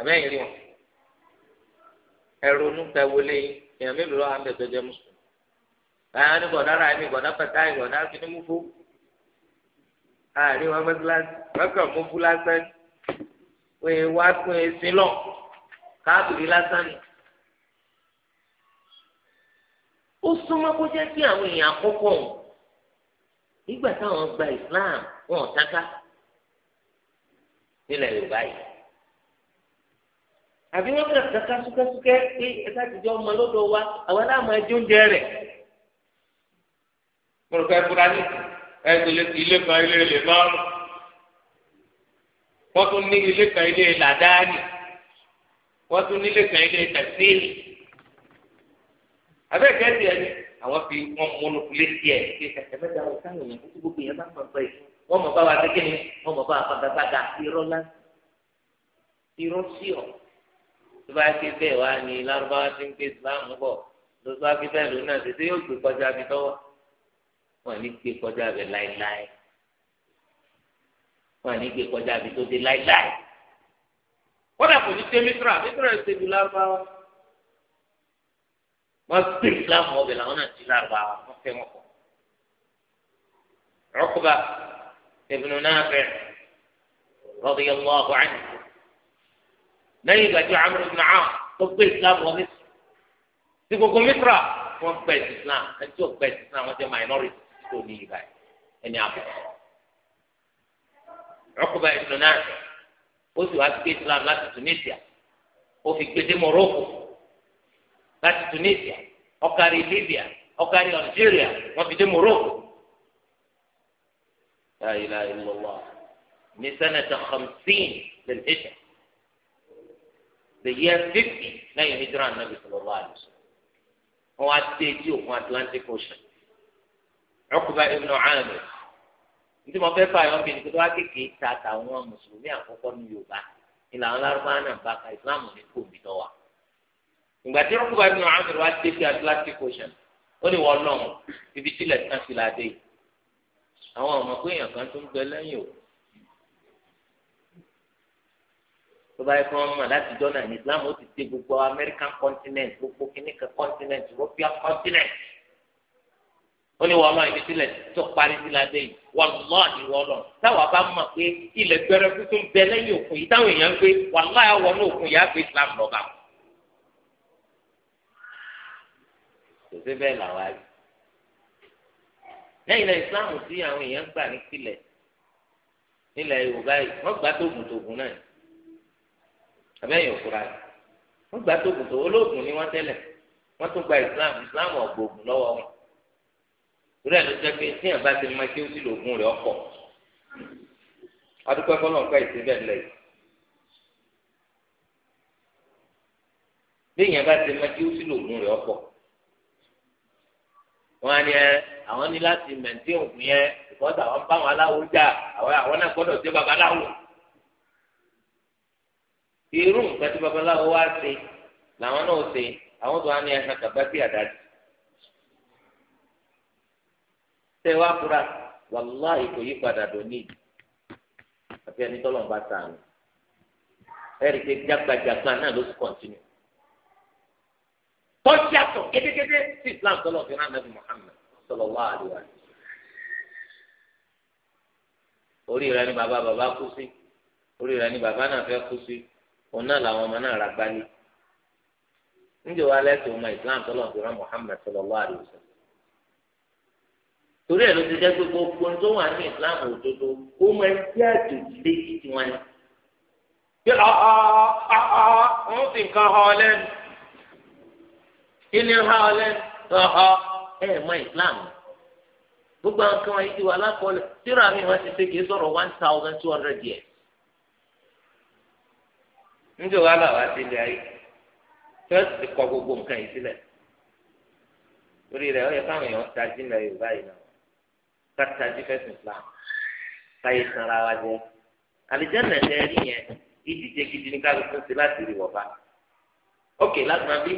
àbẹ́yìn rí wọn. ẹrọnú pẹwọlé èèyàn mélòó lọ àmì ẹtọjẹ mùsùlùmí báyọ̀ ní bọ̀dá ra ẹni bọ̀dá pẹ̀tà ìbọ̀dá kìíní mú fún àárín wọn mẹ́tíláṣí mẹ́kàn mú fún lásán pé wá pín in sí lọ káàbìrì lásán ni. ó súnmọ́ kó jẹ́ kí àwọn èèyàn àkọ́kọ́ òun nígbà táwọn gba Islam wọn ò táká nílẹ̀ Yorùbá yìí àbí wọn kàn kàkà súkẹsúkẹ pé ẹ̀ka àtijọ́ ọmọ lọ́dọ̀ wa àwọn aláàmọ ẹjọ́ ń jẹ rẹ̀. mo rò pé ẹbúra ní ẹgbẹ̀lẹ̀ ilé kan ilé ilé márùn wọ́n tún ní ilé kan ilé làdáàni wọ́n tún ní ilé kan ilé tẹ̀síìlì. àbẹ́ẹ̀kẹ́ tiẹ̀ ni àwọn fi wọn múnú kulé tiẹ̀ ṣe ẹ̀fẹ́ta wọn káwọn èèyàn kúkú gbogbo yẹn bá pọ̀ pẹ́ yìí wọ́n mọ̀ bá wa kékeré wọ́n mọ̀ bá wa pàgàpàgà irọ́ tó bá ké bẹ́ẹ̀ wá ní lárúbáwá tí ń gbé ìsìláàmù bọ̀ tó bá ké bẹ́ẹ̀ lónìí náà tètè yóò gbé kọjá mi tọ́wọ́ wọn ní gbé kọjá mi láéláé wọn ní gbé kọjá mi tó dé láéláé wọn dà kò ní ṣe mísírà mísírà ṣe ju lárúbáwá wọn gbé ìsìláàmù ọbẹ̀ làwọn náà ti lárúbáwá wọn fẹ́ wọn kọ. عقبة ابن نافع رضي الله عنه lẹ́yìn ìgbà tí amúlò ní àwọn tó gbé islam wọn ní ti gbogbo mitra wọn gbẹ islam ẹni tí wọn gbẹ islam wọn jẹ minority tó ní ìgbà ẹni àbọ ọkùnrin ìdùnnú náà ó sì wá gbé islam láti tunisia ó fi gbé dé morocco láti tunisia ó libya ó algeria wọn fi dé morocco. لا إله الله ní sanata khamsin lil hijra the year fifty lẹ́yìn hijra wọn wá ta àtàwọn mùsùlùmí ní Yorùbá náà bá ka ìsìláàmù ní kòmí lọ́wọ́ ìgbà tí wá dé etí Atlantic Ocean ó ní wọn ibi tí ti dé àwọn ọmọ pé èèyàn kan tó ń gbẹ òkun tó bá yẹ kí láti jọ ní islam ó ti ṣe gbogbo american continent gbogbo kìnnìkan continent european continent ó ní wàhálà ibi sílẹ̀ tó parí sí ládé yìí wàhálà ìwọ lọ táwa bá mọ̀ pé ilẹ̀ gbẹrẹ tuntun bẹ lẹ́yìn òkun yìí táwọn èèyàn ń gbé wàhálà àwọ̀ ní òkun yìí á fi islam lọ́ba. kò sí bẹ́ẹ̀ làwa rí lẹ́yìn náà islam tí àwọn èèyàn gbà ní sílẹ̀ nílẹ̀ yorùbá yìí wọ́n gbà tóògùn tóògùn náà abẹ́yẹn òkúra yìí wọ́n gbà tó olóògùn ni wọ́n tẹ́lẹ̀ wọ́n tún gba islam islam ọ̀gbọ̀gùn lọ́wọ́ wọn torí ló jẹ́ pé tíyàn bá ti máa kí ó sì lògùn rẹ̀ ọkọ̀ adúpẹ́ fọlọ́npẹ́ bá ti máa kí ó sì rẹ̀ ọkọ̀ wọn á ní ẹ àwọn ní láti ògùn yẹn àwọn bá wọn irú nǹkan tí babaláwo wá ṣe làwọn náà ṣe àwọn tó wá ní ẹhàn kàbá sí àdájì tẹ wá fura wàláhì kò yí padà dòní àti ẹni tọ́lọ̀ ń bá sàánù ẹ̀rí pé jágbajàgba náà ló ti kọ̀ntínú tọ́jú àtọ̀ kétékété sí Islam tọ́lọ̀ fi hàn nàbì Muhammad sallallahu alaihi wa sallam orí rẹ ni bàbá bàbá kú sí orí rẹ ni bàbá náà fẹ́ kú sí. òun náà làwọn ọmọ náà rà gbálí lẹsẹ islam tọlọ fi rán muhammed sallallahu torí ẹ ló ti jẹ gbogbo tó islam òdodo ó máa ń jẹ àjòjì léyìí tí wọn ní. pé ọ̀ọ́ ah, ah, ah, ọ̀ọ́ ń fi nǹkan họ lẹ́nu kí ni họ lẹ́nu ọ̀ọ́ ẹ̀ mọ islam gbogbo àwọn kan wáyé ti wà lákọọ́lẹ̀ tíra mi wọn ti ṣe kì í one thousand two hundred years. níjọ wa làwa ti lè ayé fẹsí ti kọ gbogbo nǹkan yìí sílẹ̀ torí rẹ̀ ó yẹ káwọn èèyàn tají lọ yorùbá yìí náà ká tají fẹsí islam káyé sanra wa jẹ àlìjáná ẹsẹ rí yẹn ìdíje gidi ní kálukú sí láti rí wọ́pá ókè lágbọn bí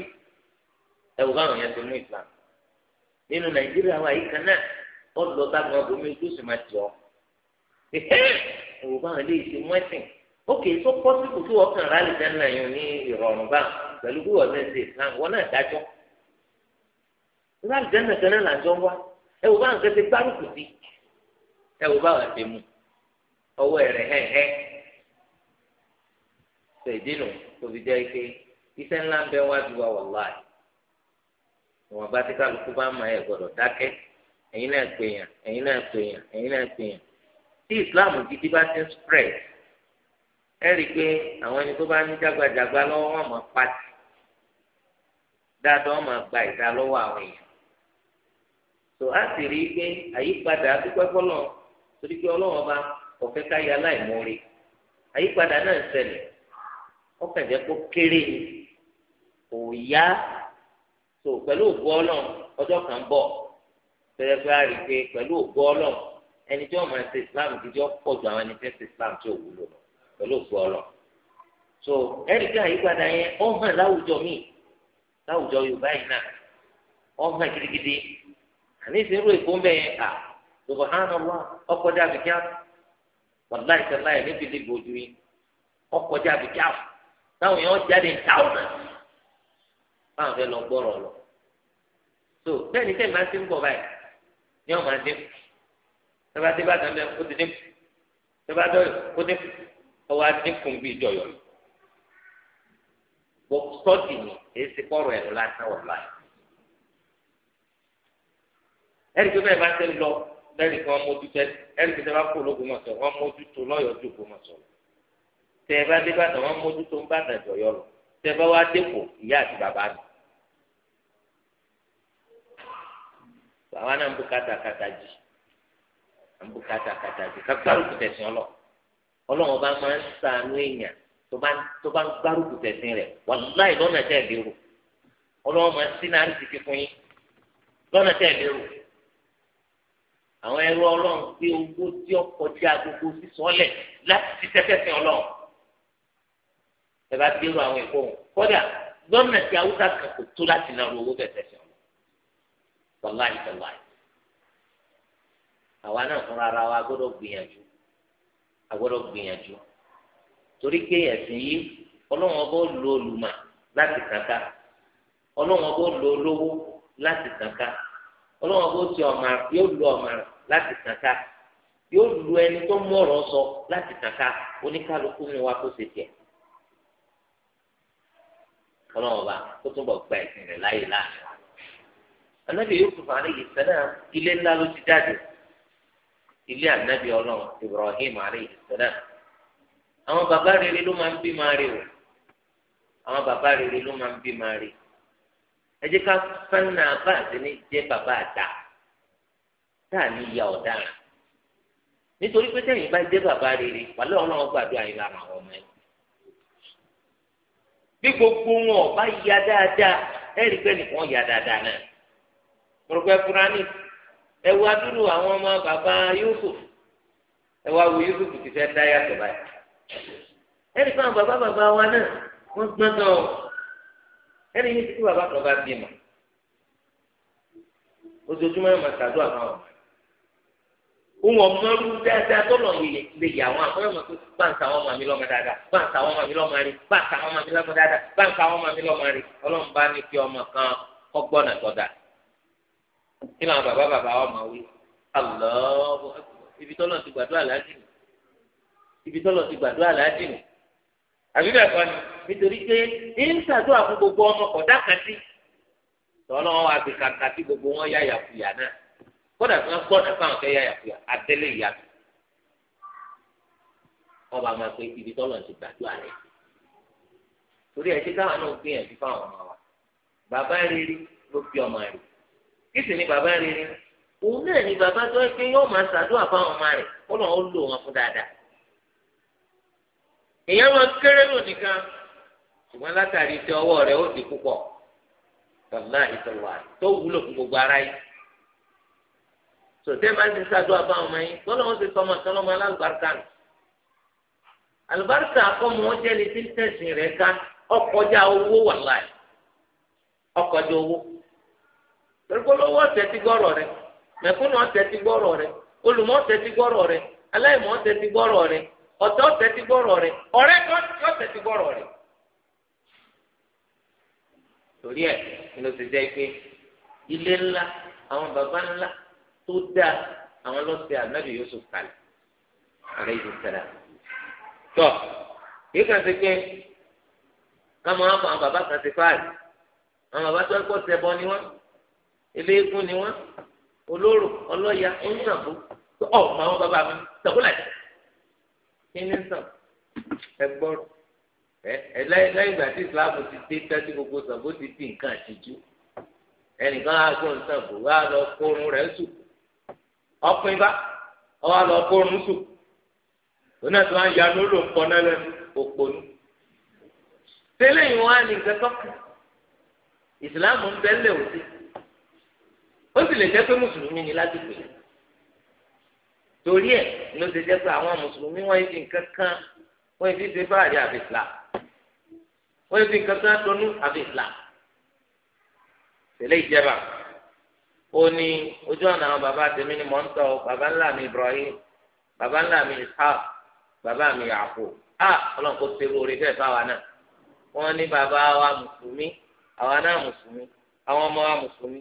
ẹwù káwọn yẹn ti mú islam nínú nàìjíríà wa yìí kan náà ó lọ bá gbọn bomi ojú sì máa tì ọ ẹwù káwọn eléyìí ti mú ẹsìn ókè tó pọ́sibù kí wọ́n kàn rálì jẹ́nà yìí ní ìrọ̀rùn bá pẹ̀lú bí wọ́n ṣe islam wọn náà dájọ́ rálì jẹ́nà kan náà làjọ wá ẹ wò bá nǹkan ṣe gbárùkù sí ẹ wò bá wà ṣe mú ọwọ́ ẹ̀rẹ̀ hẹ́hẹ́ ṣe ìdínú tó fi jẹ́ ike iṣẹ́ ńlá ń bẹ wájú wa wàláì ìwọ̀n bá ti kálukú bá máa ẹ̀ gbọ́dọ̀ dákẹ́ ẹ̀yin náà pèèyàn ẹ rí i pé àwọn ẹni tó bá ní jágbajàgba lọ́wọ́ wọn máa dáadọ́ máa gba ìdá lọ́wọ́ àwọn èèyàn tó a sì rí i pé àyípadà dúpẹ́ fọlọ́ torí pé ọlọ́wọ́ bá ọ̀fẹ́ ká ya láìmọ́re àyípadà náà ṣẹlẹ̀ ọkàn jẹ́ kó kéré kò yá tó pẹ̀lú ògbó ọlọ́run ọjọ́ kan bọ̀ tẹ́lẹ̀ pé a rí i pé pẹ̀lú ẹni tí wọ́n máa ṣe Islam ti ọ̀pọ̀ pẹ̀lú òkú ọ̀rọ̀ so ẹ̀ríkà àyípadà yẹn ó hàn láwùjọ míì láwùjọ yorùbá yìí náà ó hàn gidigidi àní ìsinrú èkó ń bẹ yẹn kà subhanallah ọkọ̀ dé àbíkíá wàláì sẹ́lá ẹ̀ níbi ìdìbò ojú yìí ọkọ̀ dé àbíkíá táwọn èèyàn jáde táwọn báwọn fẹ́ lọ gbọ́rọ̀ lọ so bẹ́ẹ̀ ni sẹ́yìn máa ń ti ń bọ̀ báyìí ni wọ́n máa ọwọ́ adínkù bí ìjọyọ̀ yìí bọ́ sọ́ọ̀dì ni èyí ti kọ́rọ̀ ẹ̀rọ lásán wọ̀ láì. ẹ̀rí pé bẹ́ẹ̀ bá ṣe ń lọ lẹ́rìí kan mójú tẹ́ ẹ̀rí pé bá kó ológun mọ̀ sọ wọ́n mójú tó lọ́yọ̀ọ́ ju kó mọ̀ sọ. tẹ́ ẹ bá dé bàtà wọ́n mójú tó ń bàtà jọ̀yọ̀ lọ tẹ́ ẹ bá wá dépò ìyá àti bàbá mi. bàbá náà ń bu kátàkátà jì ń bu kátàkátà jì kápẹ́tà ló ti tẹ̀sán ọlọ́ọ̀ ọlọ́run bá máa ń sànú èèyàn tó bá tó bá ń gbárùkù tẹ̀sìn rẹ̀ wàláì lọ́nà tẹ̀ lérò ọlọ́run máa ń sí náà ti fi fún yín lọ́nà tẹ̀ lérò àwọn ẹrú ọlọ́run gbé owó tí ó kọjá gbogbo sísọ́lẹ̀ láti fi tẹ́tẹ́sìn ọlọ́run ẹ bá gbérò àwọn ìkó wọn kódà lọ́nà tí haúsá kan kò tó láti náà owó tẹ̀sẹ̀sìn ọlọ́run wàláì wàláì àwa náà fúnra ara wa gbọ́dọ̀ gbìyànjú àgbọ́dọ̀ gbìyànjú torí pé ẹ̀sìn yìí ọlọ́run ọba ó lo olùmọ̀ láti kàkà ọlọ́run ọba lo olówó láti kàkà ọlọ́run ti yóò lo láti kàkà yóò lu ẹni tó sọ láti kàkà oníkálukú ni kó tiẹ̀ ọlọ́run ọba ilé anabi ọlọ́run ibrahim aleyhi sẹlẹm àwọn bàbá rere ló máa ń bí máa rí o àwọn bàbá rere ló máa ń bí máa rí ẹ jẹ́ ká fẹ́ràn n'iya ọda. ní bàbá àdá tá a ní nítorí pé bá bàbá rere wàlẹ́ gbàdúrà lára àwọn ọmọ wọn ọba ya dáadáa ẹ̀rí pé nìkan ya dáadáa náà mo rò pé fúnra ẹ wá dúró àwọn ọmọ bàbá Yusuf ẹ wá wo Yusuf ti fẹ́ dá yàtọ̀ báyìí ẹnì kan bàbá bàbá wa náà wọ́n gbọ́n gan o ẹnì yìí ti kí bàbá kan bá bí mà ojoojúmọ́ ẹ̀ máa ṣàdó àwọn ọmọ òun ọmọlú dáadáa tó lọ yìí lè yà wọn àbúrò mọ pé bá ń ta àwọn ọmọ mi lọ́mọ dáadáa bá ń ta àwọn ọmọ mi lọ́mọ rí bá ń ta àwọn ọmọ mi lọ́mọ dáadáa bá ń ta àwọn ọmọ mi lọ́mọ rí ọlọ́run bá ní kí ọmọ kan kọ́gbọ́n náà tọ́ da kí làwọn bàbá bàbá wa máa wí alọ́ọ̀bù ibi tọ́lọ̀ ti gbàdúrà ládìní ibi tọ́lọ̀ ti gbàdúrà ládìní àbí bẹ́ẹ̀ kọ́ ni nítorí pé ń ṣàdúrà fún gbogbo ọmọ kọ̀dá kan sí tọ́lọ́ wọn àti kàkà tí gbogbo wọn yá yàkuyà náà kódà tí wọ́n gbọ́dọ̀ fáwọn fẹ́ yá yàkuyà adẹ́lẹ̀ ìyàtọ̀ ọba máa pe ibi tọ́lọ̀ ti gbàdúrà rẹ̀ torí ẹ̀ ṣe káwọn náà gbìyànjú fáwọn ọmọ wa bàbá rere ló fi ọmọ rẹ̀ kí ni bàbá ni, òun náà ni bàbá tó ẹ pé yóò máa ṣàdúrà fáwọn ọmọ rẹ̀ kó lọ́n ó lò wọn fún dáadáa èèyàn máa kéré lò nìkan ṣùgbọ́n látàrí iṣẹ́ ọwọ́ rẹ̀ ó di púpọ̀ tọ́lá ìtọ́wà tó wúlò fún gbogbo ara yìí sòtẹ́ máa ń ti ṣàdúrà bá ọmọ yín gbọ́dọ̀ wọ́n ti sọmọ sọlọ́ ọmọ alálùbáríkà nù alùbáríkà akọ́mọ wọn jẹ́ ní tí ń tẹ̀sìn rẹ̀ ká ọkọjá olùkọ́lọ́wọ́ ọ̀tẹ̀ ti gbọ́rọ̀ rẹ mẹ̀kúnnù ọ̀tẹ̀ ti gbọ́rọ̀ rẹ olùmọ̀ ọ̀tẹ̀ ti gbọ́rọ̀ rẹ aláìmọ̀ ọ̀tẹ̀ ti gbọ́rọ̀ rẹ ọ̀tẹ̀ ọ̀tẹ̀ ti gbọ́rọ̀ rẹ ọ̀rẹ́ ọ̀tẹ̀ ti gbọ́rọ̀ rẹ. torí ẹ ló ti jẹ́ pé ilé ńlá àwọn baba ńlá tó dáa àwọn lọ́sẹ̀ ànábì Yusuf kalẹ̀ àrẹ yìí sẹ́ra. tọ́ yìí kàn sí pé káwọn bàbá kan ti fáàlì àwọn bàbá tó ń kọ́ sẹ́bọ ni wọ́n eléégún ni wọ́n olóró ọlọ́ya ń sàn fún ọ̀ mọ àwọn bàbá mi sọ̀kúlà jẹ́ kí ni sàn ẹ gbọ́rọ̀ ẹ lẹ́yìn ìgbà tí Islam ti dé tẹ́tí gbogbo sàbó ti di nǹkan àtijú ẹnìkan á gbọ́n sàbó wá lọ kórun rẹ̀ sùn ọpin bá ọwọ́ lọ kórun sùn òun náà tí wọ́n á yanu ló ń pọná lẹ́nu òpònú tẹ́lẹ̀ yìí wọ́n á ní nǹkan tọ́kàn Islam ń bẹ́ẹ̀ lẹ̀ òsì ó sì lè jẹ́ pé mùsùlùmí ni lásìkò yìí torí ẹ̀ ló ṣe jẹ́ pé àwọn mùsùlùmí wọ́n fi nǹkan kan wọ́n fi ṣe báàrí àfi islam wọ́n fi nǹkan kan tonú àfi islam tẹ̀lé ìjẹba ó ní ojú ọ̀nà àwọn bàbá tèmi ni mò ń tọ́ bàbá ńlá mi Ibrahim bàbá ńlá mi Ishaq bàbá mi Yàkó a ọlọ́run kò ṣe lóore bẹ́ẹ̀ báwa náà wọ́n ní bàbá wa mùsùlùmí àwa náà mùsùlùmí àwọn ọmọ wa mùsùlùmí.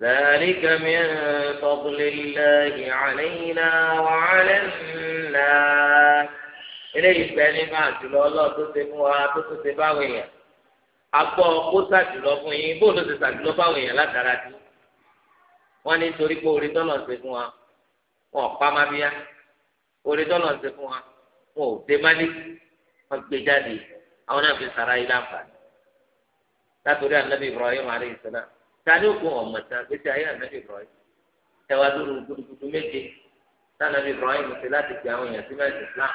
ذلك من فضل الله علينا وعلى الناس eléyìí fẹ́ nínú àjùlọ ọlọ́ọ̀ tó ṣe fún wa tó tó ṣe báwọn èèyàn agbọ́ kó ṣàjùlọ fún yín bó ló ṣe ṣàjùlọ báwọn èèyàn látara dí wọ́n ní torí pé orí tọ́lọ̀ ṣe fún wa wọn ò pa máa bíyá orí tọ́lọ̀ ṣe fún wa wọn ò dé málé wọn gbé jáde àwọn náà fi sàrà ilé àǹfààní látòrí ànábì Ibrahim alayhi salam tani òkun ọmọ tán gbèsè ayé ànábì Ibrahim ẹwà dúró gbogbo méje tànàbì Ibrahim ti láti fi àwọn èèyàn sí mẹsì Islam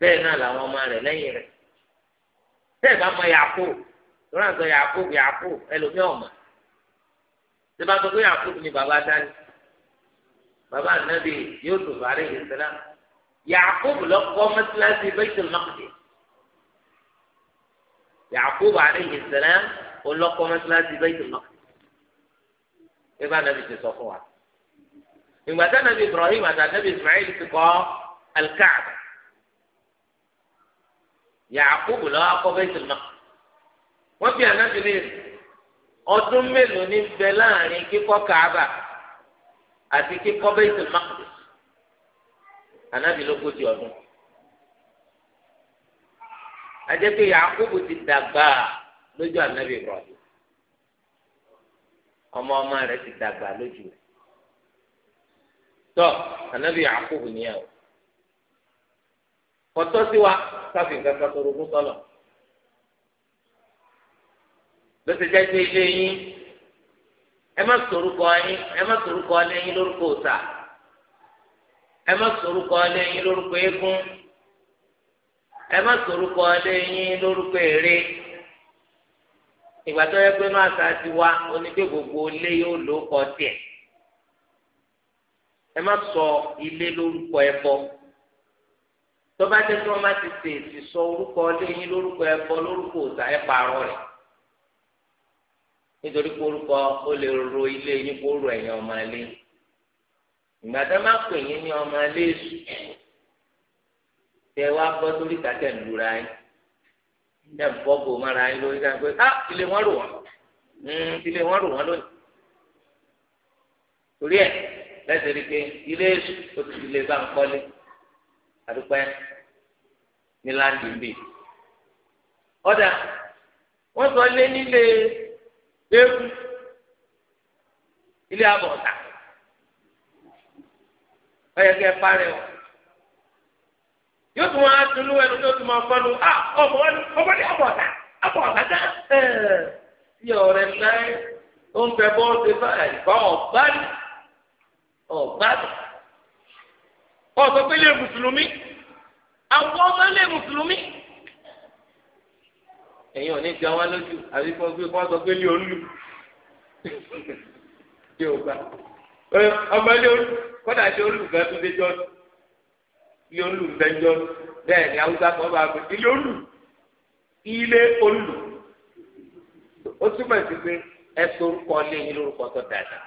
bẹ́ẹ̀ náà làwọn ọmọ rẹ̀ lẹ́yìn rẹ̀ bẹ́ẹ̀ bá mọ yàkó lọ́nà yàkó yàkó ẹlòmíì ọ̀mà tí bá sọ pé yàkó ni bàbá dání bàbá ànábì yóò tó fàárẹ̀ ìsẹ́lá yàkó lọ́kọ́ mẹ́tíláṣí Baitul Maqdis yàkó bàárẹ̀ ìsẹ́lá olọ́kọ́ mọ́sálásí Baitul Maqdis nígbà nàbì ti sọ fún wa ìgbà tí nàbì Ibrahim àti nàbì Ismail ti kọ́ alikaaba Yaakubu lọ́wọ́ akọ́ Baitul Maqdis wọ́n bí ànábì ní ọdún mélòó ní bẹ láàrin kíkọ́ kaaba àti kíkọ́ Baitul Maqdis ànábì lógójì ọdún ajẹ́ pé Yaakubu ti dàgbà. lójú ànábì Ibrahim ọmọ ọmọ rẹ̀ ti dàgbà lójú rẹ̀ tọ ànábì Yakubu nìyẹn o kọtọ sí wa káfí nǹkan tó rogún sọlọ lọsẹ jẹ pé ilé yín ẹ má sorúkọ yín ẹ má sorúkọ lórúkọ ẹ má sorúkọ lórúkọ eégún ẹ má ìgbà tó yẹ pé inú àṣà ti wá onígbé gbogbo ilé yóò ló kọ tiẹ̀ ẹ má sọ ilé lórúkọ ẹbọ tó bá jẹ́ kí wọ́n má ti tèèsì sọ orúkọ ilé yín lórúkọ ẹbọ lórúkọ òòṣà ẹ pààrọ̀ rẹ̀ nítorí pé orúkọ ó lè ro ilé yín kó ro ẹ̀yìn ọmọ ilé ìgbà tó má pè yín ní ọmọ ilé èṣù tẹ wá bọ́ sórí ìtàkẹ́ ńlura yín ẹ bọ́ bò mọ́ra yín lórí ká pé á ilé wọn rò wọn hmm, ilé wọn rò wọn lónìí torí ẹ lẹ́sẹ̀ rí pé ilé èṣù ó ti ilé bá ń kọ́lé àdúpẹ́ ní láńdì ń bì ọ̀dà wọ́n sọ ilé nílé eégún ilé àbọ̀ọ̀tà ọ̀yẹ̀kẹ́ parẹ́ wọn yóò tún máa dunú ẹnu yóò tún máa fọnù à ọmọ wọn ọmọ ní ọmọ ọ̀tá ọmọ ọ̀tá dá ẹ ti ọ̀rẹ́ láyé ó ń bẹ bọ́ ṣe báyìí kọ́ ọ̀gbádì ọ̀gbádì ọ̀sọ̀ pé lè mùsùlùmí àwọn ọmọ lè mùsùlùmí ẹ̀yin ò ní gbà wá lójú àbí kọ́ pé kọ́ sọ pé lè olú yóò gbà ọmọ lè olú kọ́dà lè olú gbà tó dé jọ́sùn ilé olù bẹ́jọ́ bẹ́ẹ̀ ni haúsá kan bá gbé ilé olù ilé olù ó túmọ̀ sí pé ẹ sorúkọ lé yín lórúkọ tó dáadáa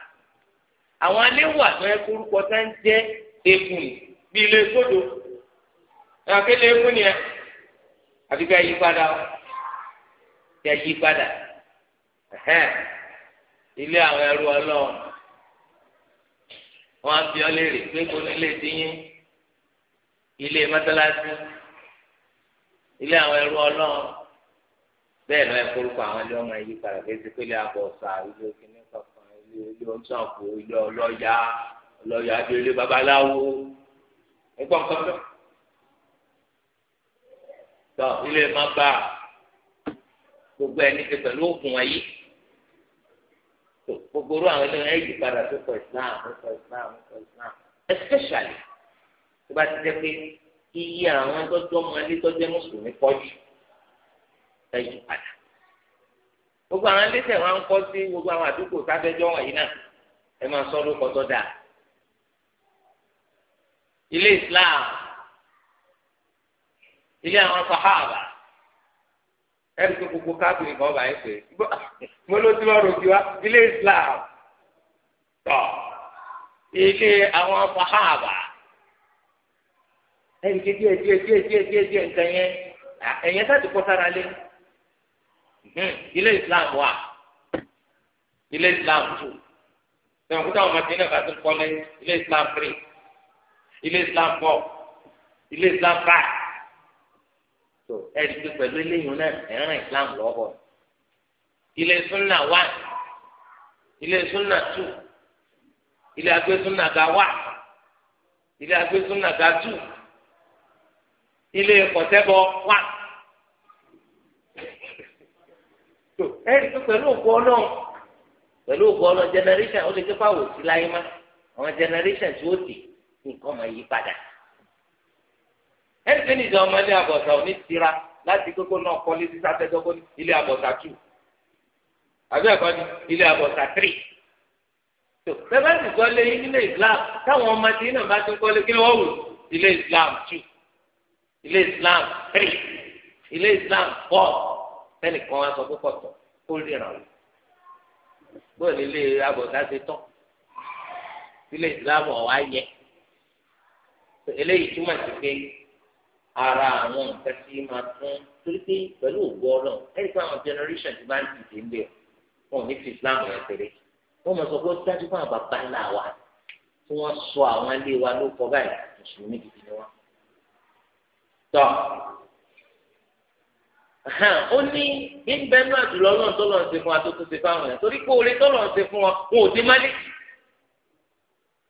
àwọn alẹ́ wà tó ẹ kórúkọ tó ń jẹ́ ekun bí ilé sódò ẹ akéde ekun ni ẹ àbí ká yí padà ó ká yí padà ilé àwọn ẹrú ọlọ́run wọn á bí ọ léèrè pé kò ní lè dín yín ilé mọ́tálásí ilé àwọn ẹrú ọlọ́run bẹ́ẹ̀ náà ẹ kórúkọ àwọn ilé ọmọ yìí padà kí ẹsẹ̀ pélé àbọ̀ ọ̀sà ilé òkìní kankan ilé ilé ọ̀sàǹkó ilé ọlọ́yà ọlọ́yà adé ilé babaláwo ẹgbọ́n kankan tọ ilé mọ́gbà gbogbo ẹni ti pẹ̀lú òògùn ẹ̀yí gbogbo àwọn ilé ẹ̀yí padà tó kọ ìsìláàmù tó kọ ìsìláàmù tó kọ ìsìláàmù especially tó bá ti jẹ́ pé iye àwọn tọ́jú ọmọ ilé tọ́jú mùsùlùmí pọ̀ jù ẹ yí padà gbogbo àwọn ilé tẹ̀ wọ́n kọ́ sí gbogbo àwọn àdúgbò sábẹ́jọ́ wọ̀nyí náà ẹ máa sọ lóko tó dáa ilé Islam ilé àwọn sahaba ẹni tó gbogbo káàkiri kan bá yẹn pé mo ló ti lọ́rùn kí wá ilé Islam tọ̀ ilé àwọn sahaba ẹ̀yìn ké díẹ̀ díẹ̀ díẹ̀ díẹ̀ díẹ̀ díẹ̀ nǹkan yẹn ẹ̀yẹn sáà ti kọ́ sára lé ilé Islam wà ilé Islam two sọ̀rọ̀ kó táwọn ọmọdé náà bá ti kọ́ lé ilé Islam three ilé Islam four ilé Islam five tó ẹ̀rí pé pẹ̀lú eléyìí náà ẹ̀ràn Islam lọ́wọ́ ilé sunna one ilé sunna two ilé agbésúnà ga one ilé agbésúnà ga two ilé kọ̀tẹ́bọ wà. ẹ̀rí pé pẹ̀lú òkú ọlọ́run pẹ̀lú òkú ọlọ́run generation ó lè jẹ́ pàwọ̀ sí láyé má àwọn generation tí ó tì nǹkan máa yí padà. ẹ̀rí pé nìjọ ọmọ ilé àbọ̀sà ò ní tira láti kókó náà kọ́lé sí sátẹ́dọ́gbọ́ ilé àbọ̀sà two àbí ẹ̀kọ́ ni ilé àbọ̀sà three. bẹ́ẹ̀ ti kọ́lé ilé Islam táwọn ọmọ ti náà bá ti kọ́lé kí wọ́n wù ilé Islam two ilé islam three ilé islam four sẹ́nìkan wá sọ pé kọ̀tọ̀ kó ríran o bóyá ilé abọ̀dá ṣe tán ilé islam ọ̀wá yẹ eléyìí túmọ̀ sí pé ara àwọn nǹkan tí máa tún torí pé pẹ̀lú ògbó ọlọ́run ẹni pé àwọn generation ti bá ń dìde ń bẹ̀ wọn ò ní fi islam yẹn péré wọn mọ̀ sọ pé ó dájú fún àwọn bàbá ńlá wa tí wọ́n sọ àwọn ilé wa ló kọ báyìí mùsùlùmí gidi ni wọ́n tọ́ ó ní níbẹ̀ náà jùlọ náà tó lọ́n ṣe fún wa tó tún ṣe fáwọn yẹn torí pé oore tó lọ́n ṣe fún wa wọn ò dé má lé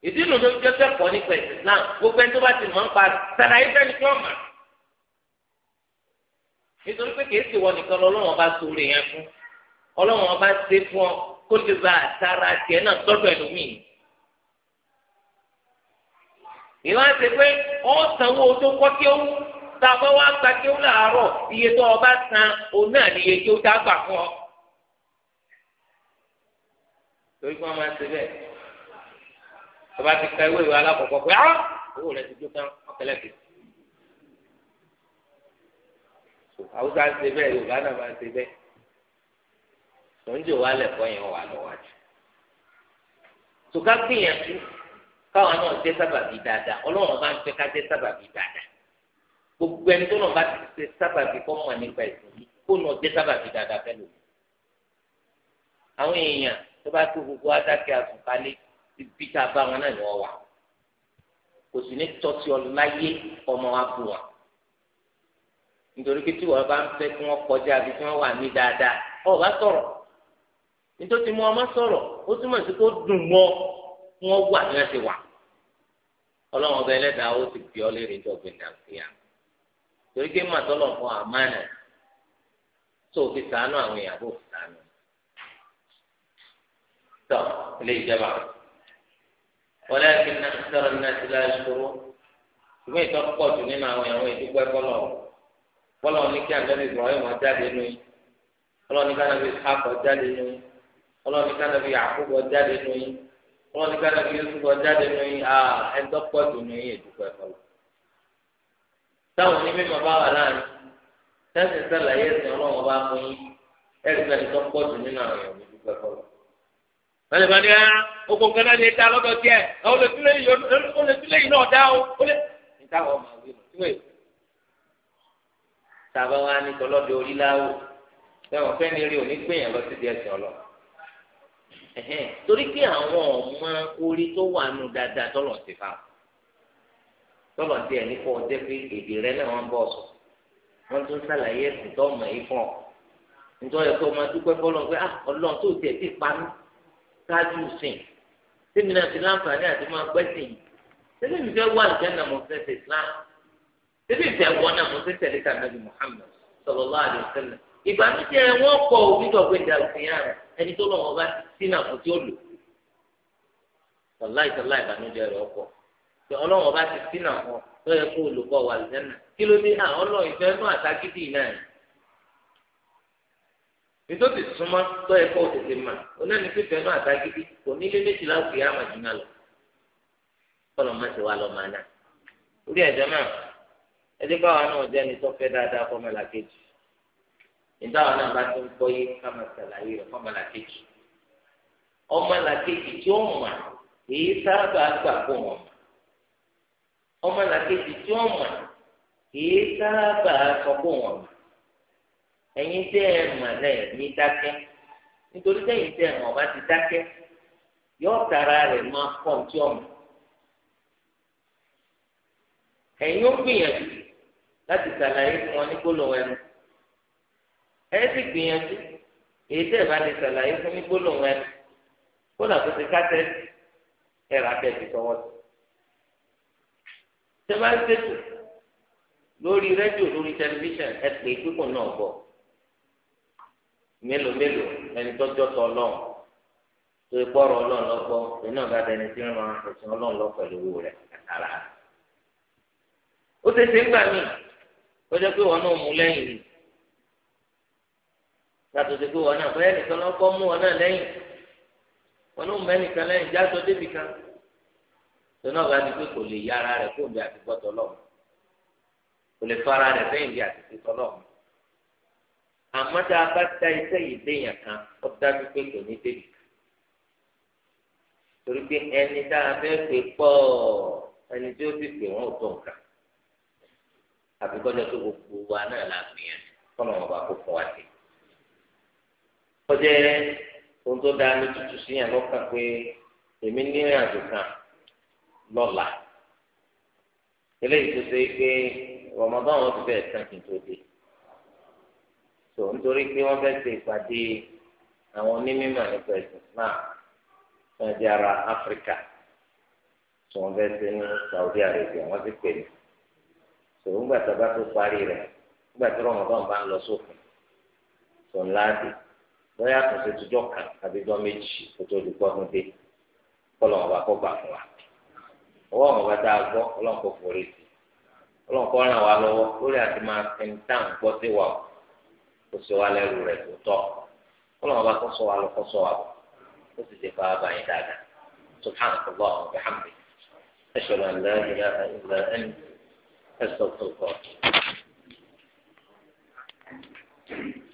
ìdí nu tó jẹ́ kẹ́kọ̀ọ́ nípa Islam gbogbo ẹni tó bá ti mọ̀ ń pa sara ibẹ̀ ni kí wọ́n mọ̀ nítorí pé kìí ṣèwọ nìkan lọ́wọ́n bá sóore yẹn fún ọlọ́wọ́n bá ṣe fún ọ kó lè bá àtàrà tiẹ̀ náà tọ́jú ẹlòmíì ìwọ́n ṣe pé ọ́ sanwó tó kọ́ kí ó wú tá a bá wá gba kí ó làárọ̀ iye tó o bá san òun náà ní iye kí ó dágbà fún ọ. torí kí wọ́n máa ṣe bẹ́ẹ̀ tó bá ti ka ìwé ìwé alákọ̀ọ́kọ́ pé á owó rẹ̀ ti jó kan ọ̀kẹ́lẹ́ kejì. Haúsá ń ṣe bẹ́ẹ̀ Yorùbá náà máa ń ṣe bẹ́ẹ̀ tòǹjì wa lẹ̀kọ́ yẹn wà lọ́wọ́dì. tùkà gbìyànjú káwọn náà jẹ́ sábàbí dáadáa ọlọ́run máa ń fẹ́ ká jẹ́ sábàbí dáadáa gbogbo ẹni tó náà bá ti ṣe sábàbí kọ́ mọ̀ nípa ẹ̀sìn yìí kó náà dé sábàbí dáadáa fẹ́ lò. àwọn èèyàn tó bá tó gbogbo adákẹ́ àtúnkálé ibi tá a bá wọn náà ni wọ́n wà kò sì ní tọ́sí ọ láyé ọmọ wa bù wọn. nítorí pé tí wọ́n bá ń fẹ́ kí wọ́n kọjá àbí tí wọ́n wà ní dáadáa ọ̀ bá sọ̀rọ̀ nítorí mú ọmọ sọ̀rọ̀ ó túmọ̀ sí kó dùn mọ́ wọn wà ní ẹsẹ̀ wà ọlọ́run ọba ẹlẹ́dàá ó ti bí ọ léèrè torí pé má tọ́lọ̀ fún àmánà tó o fi sànú àwọn èèyàn bó fi sànú. tọ́ ilé ìjọba wọlé akínà sọ̀rọ̀ ní àti láti ṣòro ìwé ìtọ́pọ̀ jù nínú àwọn èèyàn ìdúpẹ́ kọ́lọ̀ kọ́lọ̀ ní kí àjọyọ̀ ìbùrọ̀yìn wọn jáde nù yín kọ́lọ̀ ní kánábì sáàpọ̀ jáde nù yín kọ́lọ̀ ní kánábì àkókò jáde nù yín kọ́lọ̀ ní kánábì yóò túbọ̀ jáde nù yín à ẹ̀ńtọ́pọ̀ nù yín ìdúpẹ́ kọ́lọ̀ táwọn onímọ̀ bá wà láàrin tẹ́sí sàlàyé ẹ̀sìn ọlọ́wọ́ bá fún yín ẹ̀rí sẹ́ni tó pọ̀ jù nínú àwọn èèyàn ní dúpẹ́ fọlọ́. wọ́n lè bá ní ẹ́ ah, oko kan náà lè dá lọ́dọ̀ tiẹ̀ ó lè túlẹ̀ yìí náà dá o ó lè. ní táwọn ọmọ àwọn èèyàn tí wọ́n èèyàn. tàbá wa ní tọlọ́dọ̀ orí láwò sẹ́wọ̀n fẹ́ni rí òní gbìyàn lọ sí ẹ̀sìn ọlọ́ torí pé àwọn ọmọ orí tó wà nù dáadáa tọ́lọ̀ ti fa tọ́lọ̀ tiẹ̀ nípa ọjọ́ pé èdè rẹ náà wọ́n bọ̀ sọ wọ́n tún ṣàlàyé ẹ̀sìn tó mọ̀ yìí fún ọ nítorí pé ọmọ dúpẹ́ bọ́lọ̀ pé ah ọlọ́run tó tiẹ̀ ti pa mí ṣáájú sìn tèmi náà ti láǹfààní àti máa gbẹ́sìn yìí tèmi mi wà lùjẹ́ náà mo fẹ́ ṣe tèmi mi fẹ́ náà mo fẹ́ tẹ̀lé kànáàbì Muhammad sallallahu alaihi wasallam tí ọlọ́run ọba ti sínà wọn tó yẹ kó olùkọ́ wà lẹ́nà kí ló dé náà ọlọ́run ìfẹ́ náà àtàgídì náà nítorí súnmọ́ tó yẹ kó o tètè mà onáni pípẹ́ náà àtàgídì kò ní lé méjìlá òkè àmà jìnnà lọ kọ́nà má ti wà lọ́ màá náà orí ẹ̀jẹ̀ náà ẹdí báwa náà jẹ́ ẹni tó fẹ́ dáadáa fọmọlá kejì nígbà wọn náà bá ti ń kọ́ yé káma sàlàyé rẹ̀ fọmọlá kejì ọmọlá kejì tí ó mà èyí sábà gbà fún wọn ọmọ làkejì tí wọ́n mọ̀ kìí sábà sọ pé wọ́n mọ̀ ẹ̀yin tẹ́ ẹ mọ̀ lẹ́yìn ní dákẹ́ nítorí lẹ́yìn tẹ́ ẹ mọ̀ bá ti dákẹ́ yóò tara rẹ̀ máa pọ̀ tí ọmọ ẹ̀yin ó gbìyànjú láti ṣàlàyé fún wọn ní gbólóhùn ẹnu ẹ sì gbìyànjú èyí tẹ́ ẹ bá lè ṣàlàyé fún ní gbólóhùn ẹnu kó làkúnṣe kásẹ̀ ẹ̀ rà bẹ́ẹ̀ ti tọwọ́ sí ṣé máa ń ṣètò lórí rédíò lórí tẹlifíṣàn ẹ pè é pípọ̀ náà bọ̀ mélòó mélòó ẹni tọ́jọ́ tọ́ lọ́hùn tó ikú ọ̀rọ̀ ọlọ́run lọ́gbọ́ òun náà bá dẹni tí ń ran ẹ̀sìn ọlọ́run lọ pẹ̀lú owó rẹ̀ àtàrà rẹ̀ ó ṣe ṣe ń gbà mí ó jẹ́ pé wọn náà mú lẹ́yìn rí yàtọ̀ sí pé wọn náà bẹ́ẹ̀ nìkan lọ́kọ́ mú wọn náà lẹ́yìn wọn náà mú ẹnìkan lẹ́yìn jáde débi tọ́nà ọ̀gá ni pé kò lè ya ara rẹ̀ kó bí àti gbọ́tọ̀ lọ́wọ́ kò lè fa ara rẹ̀ fẹ́yìn bí àti títọ́ lọ́wọ́ àmọ́ tá a bá ta iṣẹ́ yìí déyàn kan ó dájú pé kò ní débi torí pé ẹni tá a fẹ́ pè pọ̀ ẹni tí ó sì pè wọ́n ò tó nǹkan àfi kọjá tó gbogbo wa náà la gbìyànjú kọ́nà wọn bá kó fún wa sí. ó jẹ́ ohun tó dáa ní tútù síyàn lọ́kàn pé èmi ní ìrìn àjò kan lọ́la eléyìí tó ṣe pé Ramadan wọn ti fẹ́ tán kí n tó dé tó nítorí pé wọ́n fẹ́ ṣe ìpàdé àwọn onímọ̀ nípa ẹ̀sìn Islam wọ́n di ara Áfíríkà tó wọ́n fẹ́ ṣe ní Saudi Arabia wọ́n ti pè mí tó ńgbà tó bá tó parí rẹ̀ ńgbà tó Ramadan bá ń lọ sófin tó ńlá dé lọ́yà tó ṣe tó jọ kàn àbí jọ méjì kó tó di pọ́nú dé kọ́ lọ́wọ́ bá kọ́ gbà fún wa. ọwọ́ àwọn bàtà àgbọ́ ọlọ́nkọ forí sí ọlọ́nkọ ràn wá lọ́wọ́ lórí àti máa fi ń tà ń gbọ́ sí wa kó sọ wa lẹ́rù rẹ̀ tó tọ́ ọlọ́nkọ bá kó sọ wa lọ sọ wa bọ̀ ó sì dáadáa subhanahu wa ta'ala wa